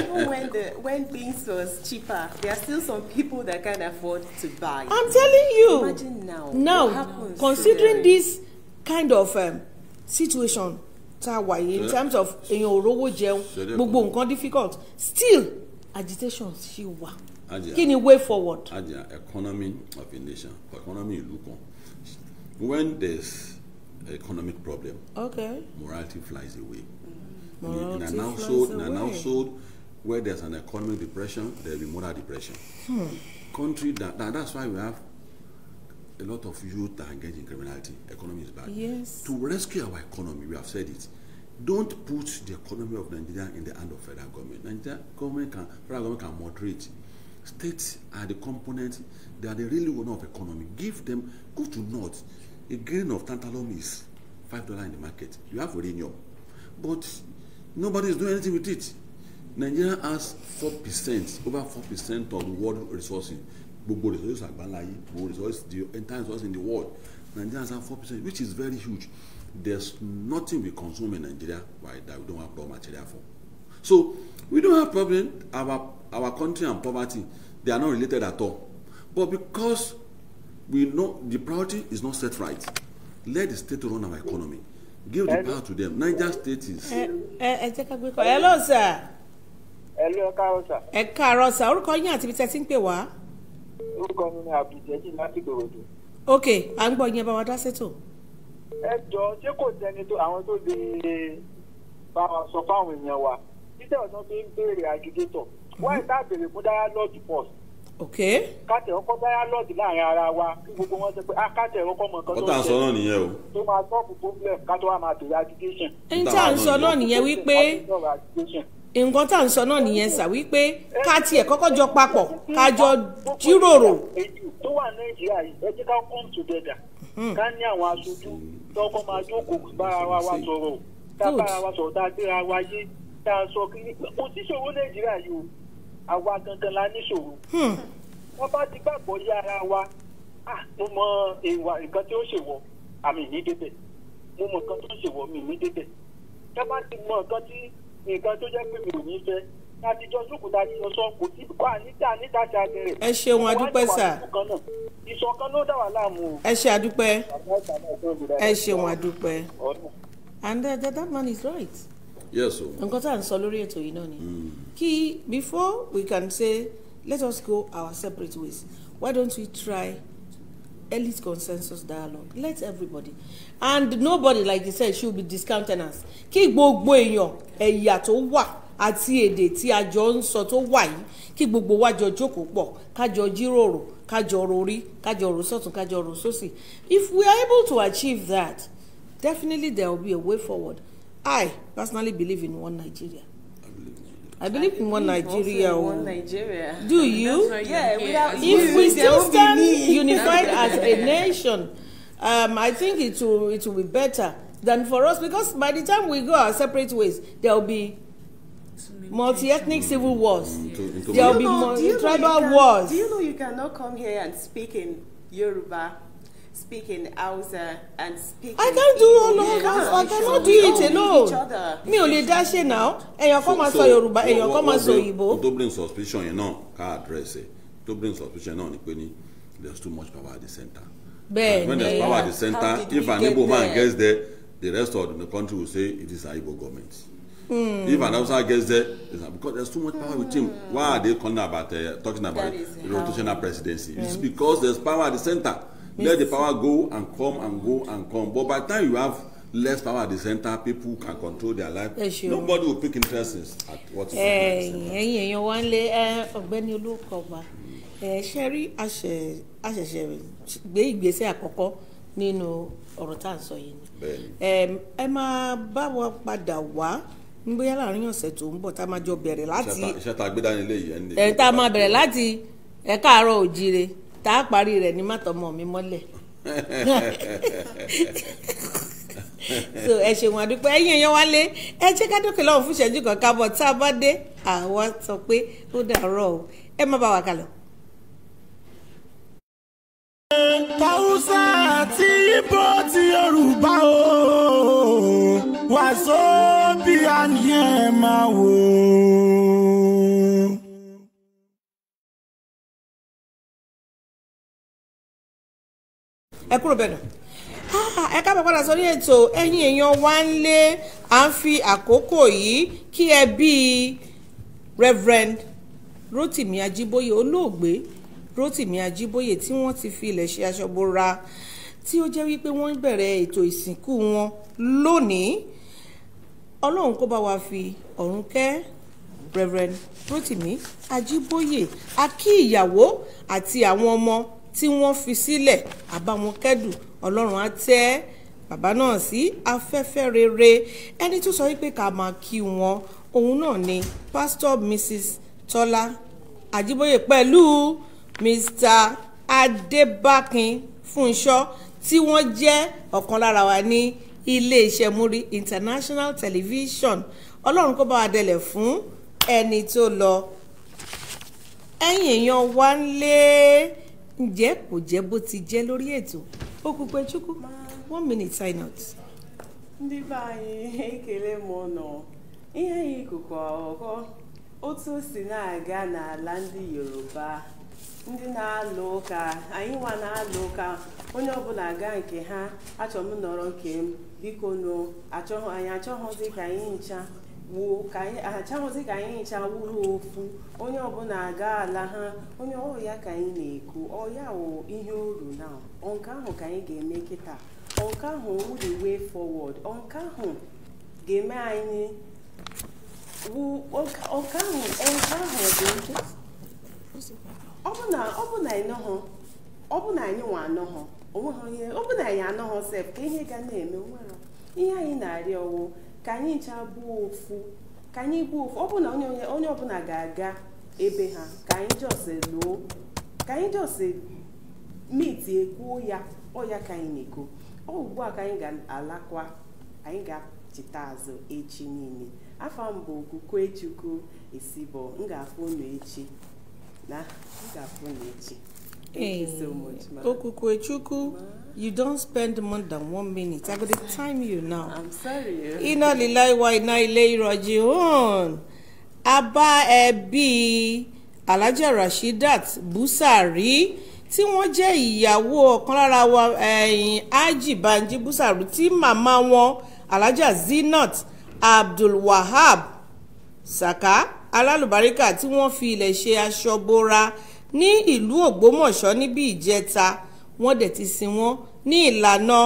even when the when things was cheaper there are still some people that can afford to buy. i'm telling you imagine now now considering this kind of um, situation ta wà yìí in terms of èèyàn ò rówó jẹun gbogbo nǹkan difficult still agitation ṣì wà kí ni way forward. ajá economy of a nation economy ìlú kan when there's economic problem okay. morality flies away. morality mm-hmm. in, an household, flies away in an household where there's an economic depression there be moral depression. Hmm. country that, that that's why we have a lot of youth that engage in criminality economy is bad. yes to rescue our economy we have said it don't put the economy of Nigeria in the hand of federal government Nigeria government can federal government can moderate. Mm states are the component they are the real owner of economy give them go to north a grain of tantalum is five dollar in the market you have uranium but nobody is doing anything with it nigeria has four percent over four percent of the world resources gbogbo resources agbanlaye gbogbo resources the entire resources in the world nigeria has four percent which is very huge there's nothing we consume in nigeria right, that we don't have raw material for so we don't have problem our our country and poverty they are not related at all but because we know the priority is not set right let the state run our economy give the power to them niger state is. ẹ ẹ jẹ́ ká gbé kọ́ ẹ lọ sà. ẹ lọ ẹ káàárọ̀ sà. ẹ káàárọ̀ sà orúkọ yín àti ibi tẹ́ ti ń pè wá. orúkọ mi ni abduljeji láti gbòòdò. ok à ń gbọ́ yẹn bá wa dá sétò. ẹ jọ ṣé kò sẹ́ni tó àwọn tó lè bá wa sọ fáwọn èèyàn wa instead of not being very agitator why is mm-hmm. that bèrè fún ok. káàtì ọkọ láàrin ara wa kí gbogbo wọn pé ah, ọkọ kan tó ń tó máa problem ká tó wá máa agitation. ń sọ náà nìyẹn wípé nǹkan tá à ń sọ náà nìyẹn sà wípé ká tiẹ̀ kọ́kọ́ jọ papọ̀ ká jọ tá a sọ kí kò sí ṣòro nàìjíríà yìí o àwa gangan la ní ṣòro hmm. wọ́n bá ti gbàgbọ́ yé ara wa ah, mo mọ ìwà nǹkan tí ó ṣèwọ àmì ní débẹ̀ mo mọ nǹkan tó ń ṣèwọ mi ní débẹ̀ tá a bá ti mọ nǹkan tí nǹkan tó jẹ́ pé mi ò ní fẹ́ àtijọ́ sókùn tá a ti sọ kò sí kó àníta níta ṣe àgẹrẹ. ẹ ṣeun adúpẹ́ sà. ìṣọ̀kan ló dà wá láàmú ẹ ṣe àdúpẹ́. ẹ ṣeun adúpẹ́. and uh, that, that man is right yes o nǹkan tá à ń sọ lórí ètò yìí náà ni hmm. kí before we can say let us go our separate ways why don't we try elite consensus dialogue let everybody and nobody like you said should be discountenance kí gbogbo èèyàn ẹ̀yà tó wà àti èdè tí a jọ ń sọ tó wà yìí kí gbogbo wa jọ jókòó pọ̀ ká jọ jíròrò ká jọ rorí ká jọ rò sọ́tún ká jọ rò sósì if we are able to achieve that definitely there will be a way forward I personally believe in one Nigeria. I believe in one Nigeria. in one oh. Nigeria. Do you? yeah. if we still stand unified as a nation, um, I think it will it will be better than for us because by the time we go our separate ways, there will be multi-ethnic civil wars. There will be tribal wars. Do you know you cannot come here and speak in Yoruba speaking Hausa and speaking. I can't do all of that. I cannot do it alone. Mi ò lè dá ṣe now. Èèyàn kan máa sọ Yorùbá, èèyàn kan máa sọ Ìgbò. To bring suspicion yẹn náà ká address ẹ̀. To bring suspicion náà ni pé ni there too much power at the center. Bẹ́ẹ̀ni. And when there's power at the center, if an Igbo man gets there, the rest of the country will say it is an Igbo government. Mm. If an Hausa gets there, it's because there's too much power with him. Why are they calling about uh, talking about rotational presidency? It's because there's power at the center let the power go and come and go and come but by the time you have less power at the center people can control their life yes, nobody will pick interest in at what is happening at the center. Eh, ẹ̀yin èèyàn wa ń lé eh, ọ̀gbẹ́ni olùkọ́gbà eh, ṣe rí àṣẹṣẹ gbé ìgbésẹ̀ àkọ́kọ́ nínú ọ̀rọ̀ tá à ń sọ yìí ni ẹ máa bá wa padà wá bóyá láàrin ọ̀sẹ̀ tó ń bọ̀ tá a máa jọ bẹ̀rẹ̀ láti iṣẹ́ tá a gbé dání lé yìí ẹ̀ ń lè. ẹ̀ tá a máa bẹ̀rẹ̀ láti ẹ̀ka àárọ̀ òjire tá a parí rẹ̀ ní màtọ́mọ́ mi mọ́lẹ̀ so ẹ ṣeun àdúpẹ́ ẹ̀yin èèyàn wálé ẹ jẹ́ ká dókè lọ́wọ́ fún ìṣẹ́jú kan kábọ̀ tá a bá dé àwa sọ pé ó dàárọ̀ o ẹ má bá wa kalọ̀. Hausa àti Igbo ti Yorùbá o Wazobia ni ẹ máa wò ó. ẹ kúrò bẹ́ẹ̀ náà ah, ẹ káàbọ̀ padà sórí ètò ẹ̀yin èèyàn wá ń lé à ń fi àkókò yìí kí ẹ bíi Reverend Rotimi Ajiboye olóògbé Rotimi Ajiboye tí wọ́n ti fi ilẹ̀ ṣe aṣọ́bora tí ó jẹ́ wípé wọ́n bẹ̀rẹ̀ ètò ìsìnkú wọn lónìí ọlọ́run kó bá wa fi ọ̀run kẹ́ Reverend Rotimi Ajiboye a kí ìyàwó àti àwọn ọmọ tí wọ́n fi sílẹ̀ a bá wọn kẹ́dùn ọlọ́run á tẹ́ bàbá náà sí afẹ́fẹ́ rere ẹni tó sọ wípé ká máa kí wọn òun náà ni pásítọ̀ mrs tọ́lá àjíbóyè pẹ̀lú mr adébákin fúnṣọ́ tí wọ́n jẹ́ ọ̀kan lára wa ní iléeṣẹ́ múrí international television ọlọ́run kó bá wa dẹlẹ̀ fún ẹni tó lọ ẹ̀yìn èèyàn wá ń lé. Le ǹjẹ́ kò jẹ́ bó ti jẹ́ lórí chukwu one minute sign ndị be anyị ekele m nọ ihe ikuku ọkọ otu si na-aga n'ala ndị yoruba ndị na-alụ ụka anyị nwa na-alụ ụka onye ọbụla ga nke ha achọ m nọrọ nke m biko no achọghị anyị ka anyị ncha wuo ka anyị achanwụzi ka anyị hicha wuru ofu onye ọbụla aga ala ha onye ọrụ ya ka anyị na eku ọ ya wụ ihe uru na nke ahụ ka anyị ga-eme kịta nke ahụ wuri way forward nke ahụ ga-eme anyị nke ahụ ahụ dị ike ọbụna anyị nwe anọghọ onweghị onye ọbụna anyị anọghọ sef ka ihe ga na-eme nwere ihe anyị na-arịa ọwụ ka anyị ncha bụ ofu ka anyị bụ ofu ọ onye ọbụla ga-aga ebe ha ka anyị jọs lụọ ka anyị jọs miti ekwuo ya ọya ka anyị na ọ ugbu a ka anyị ga-alakwa anyị ga achịta azụ echi niile afọ mbụ okwukwe chukwu esibo m ga-afụ unu echi na m ga-afụ echi Thank you so much, ma. Okukwechukwu, you don't spend more than one minute. I go to time you now. I'm sorry. Eh? Ina lílá ìwà iná ilé ìrọ̀jì hàn. A bá Rashidat Busari tí wọ́n jẹ́ ìyàwó ọ̀kan lára wa ẹ̀yìn Aji Banji Busari tí màmá wọn Alhaja Zinat Abdulwahab Saka alálùbáríkà tí wọ́n fi ilẹ̀ ṣe aṣọ ní ìlú ògbómọ̀ṣọ́ níbi ìjẹta wọ́n dẹ̀ ti sin wọ́n ní ìlànà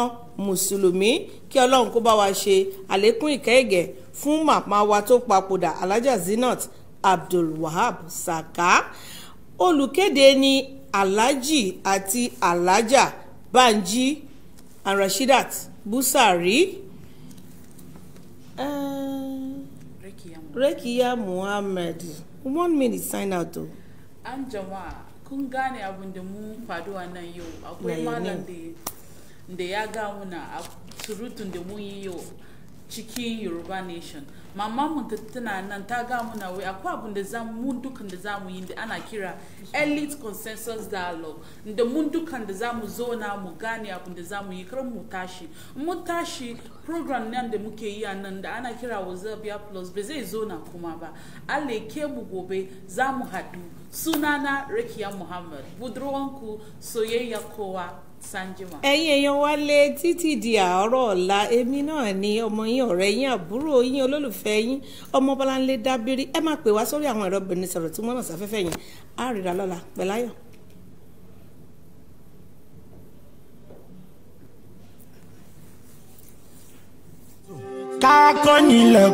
mùsùlùmí kí ọlọ́run kó bá wa ṣe àlékún ìkẹ́ ìgẹ̀ fún màmá wa tó papòdà alhaja zinat abdulwahab saka olùkéde ni alhaji àti alhaja banji arashidat busari uh, ehm, rekiya muhammed one minute sign out o. Oh. an jama'a kun gane abin da mun faduwa nan yau akwai malam da ya muna a surutun da mun yi yau cikin yoruba nation mama mun tana nan ta muna wai akwai abin da za mu dukan da za mu yi da ana kira elite consensus dialogue da mun dukan da za mu na mu gane abin da za mu yi kar mu tashi mu tashi program nan da muke yi a nan da ana kira wazabia plus ba zai zona kuma ba aleke mu gobe za mu haɗu sunana rekia muhammed budurwanku soyeya kowa sanjima. ẹ̀yin èèyàn wa lé títí di àárọ̀ ọ̀la èmi náà ni ọmọ yín ọ̀rẹ́ yín àbúrò yín olólùfẹ́ yín ọmọ bọ́láńlé dábírí ẹ máa pè wá sórí àwọn ẹ̀rọ bìnrin sọ̀rọ̀ tí wọ́n náà sáfẹ́fẹ́ yẹn á rírà lọ́la pẹ̀láyọ̀. ká kọ́ nílẹ̀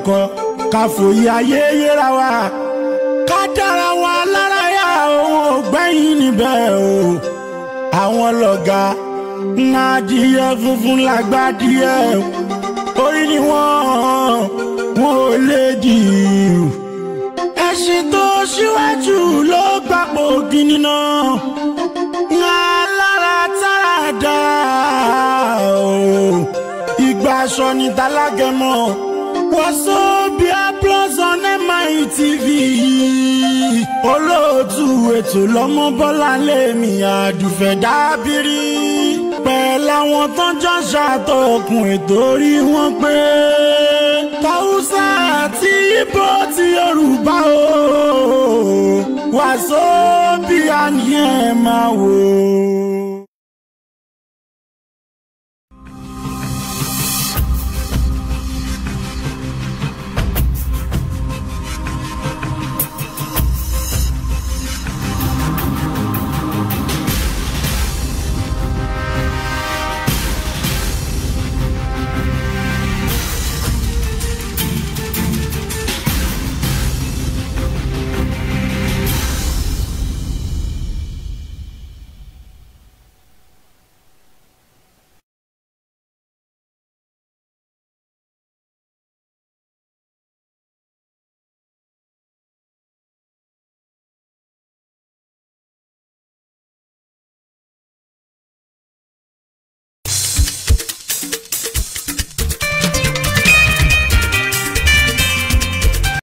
ká fòye ayé yẹra wa ká dára lẹ́yìn níbẹ̀ o àwọn lọ́gà nádìyẹ funfun lágbádìyẹ orí ni wọ́n wọn ò lè dì í. ẹṣin tó ṣíwájú ló gbapò gíní náà ń alára tára dá o ìgbà aṣọ ni tálágẹmọ wọ́n sọ bí a. On tẹlifíṣàn TV, olóòtú ètò lọ́mọ bọ́lá lèmi àdùfẹ́ dábìrì pẹ̀lú àwọn tó ń jọ ṣàtọkùn ètò orí wọn pé tàwùsà àti ibo ti yorùbá o wàásù bí a ní ẹ máa wò ó.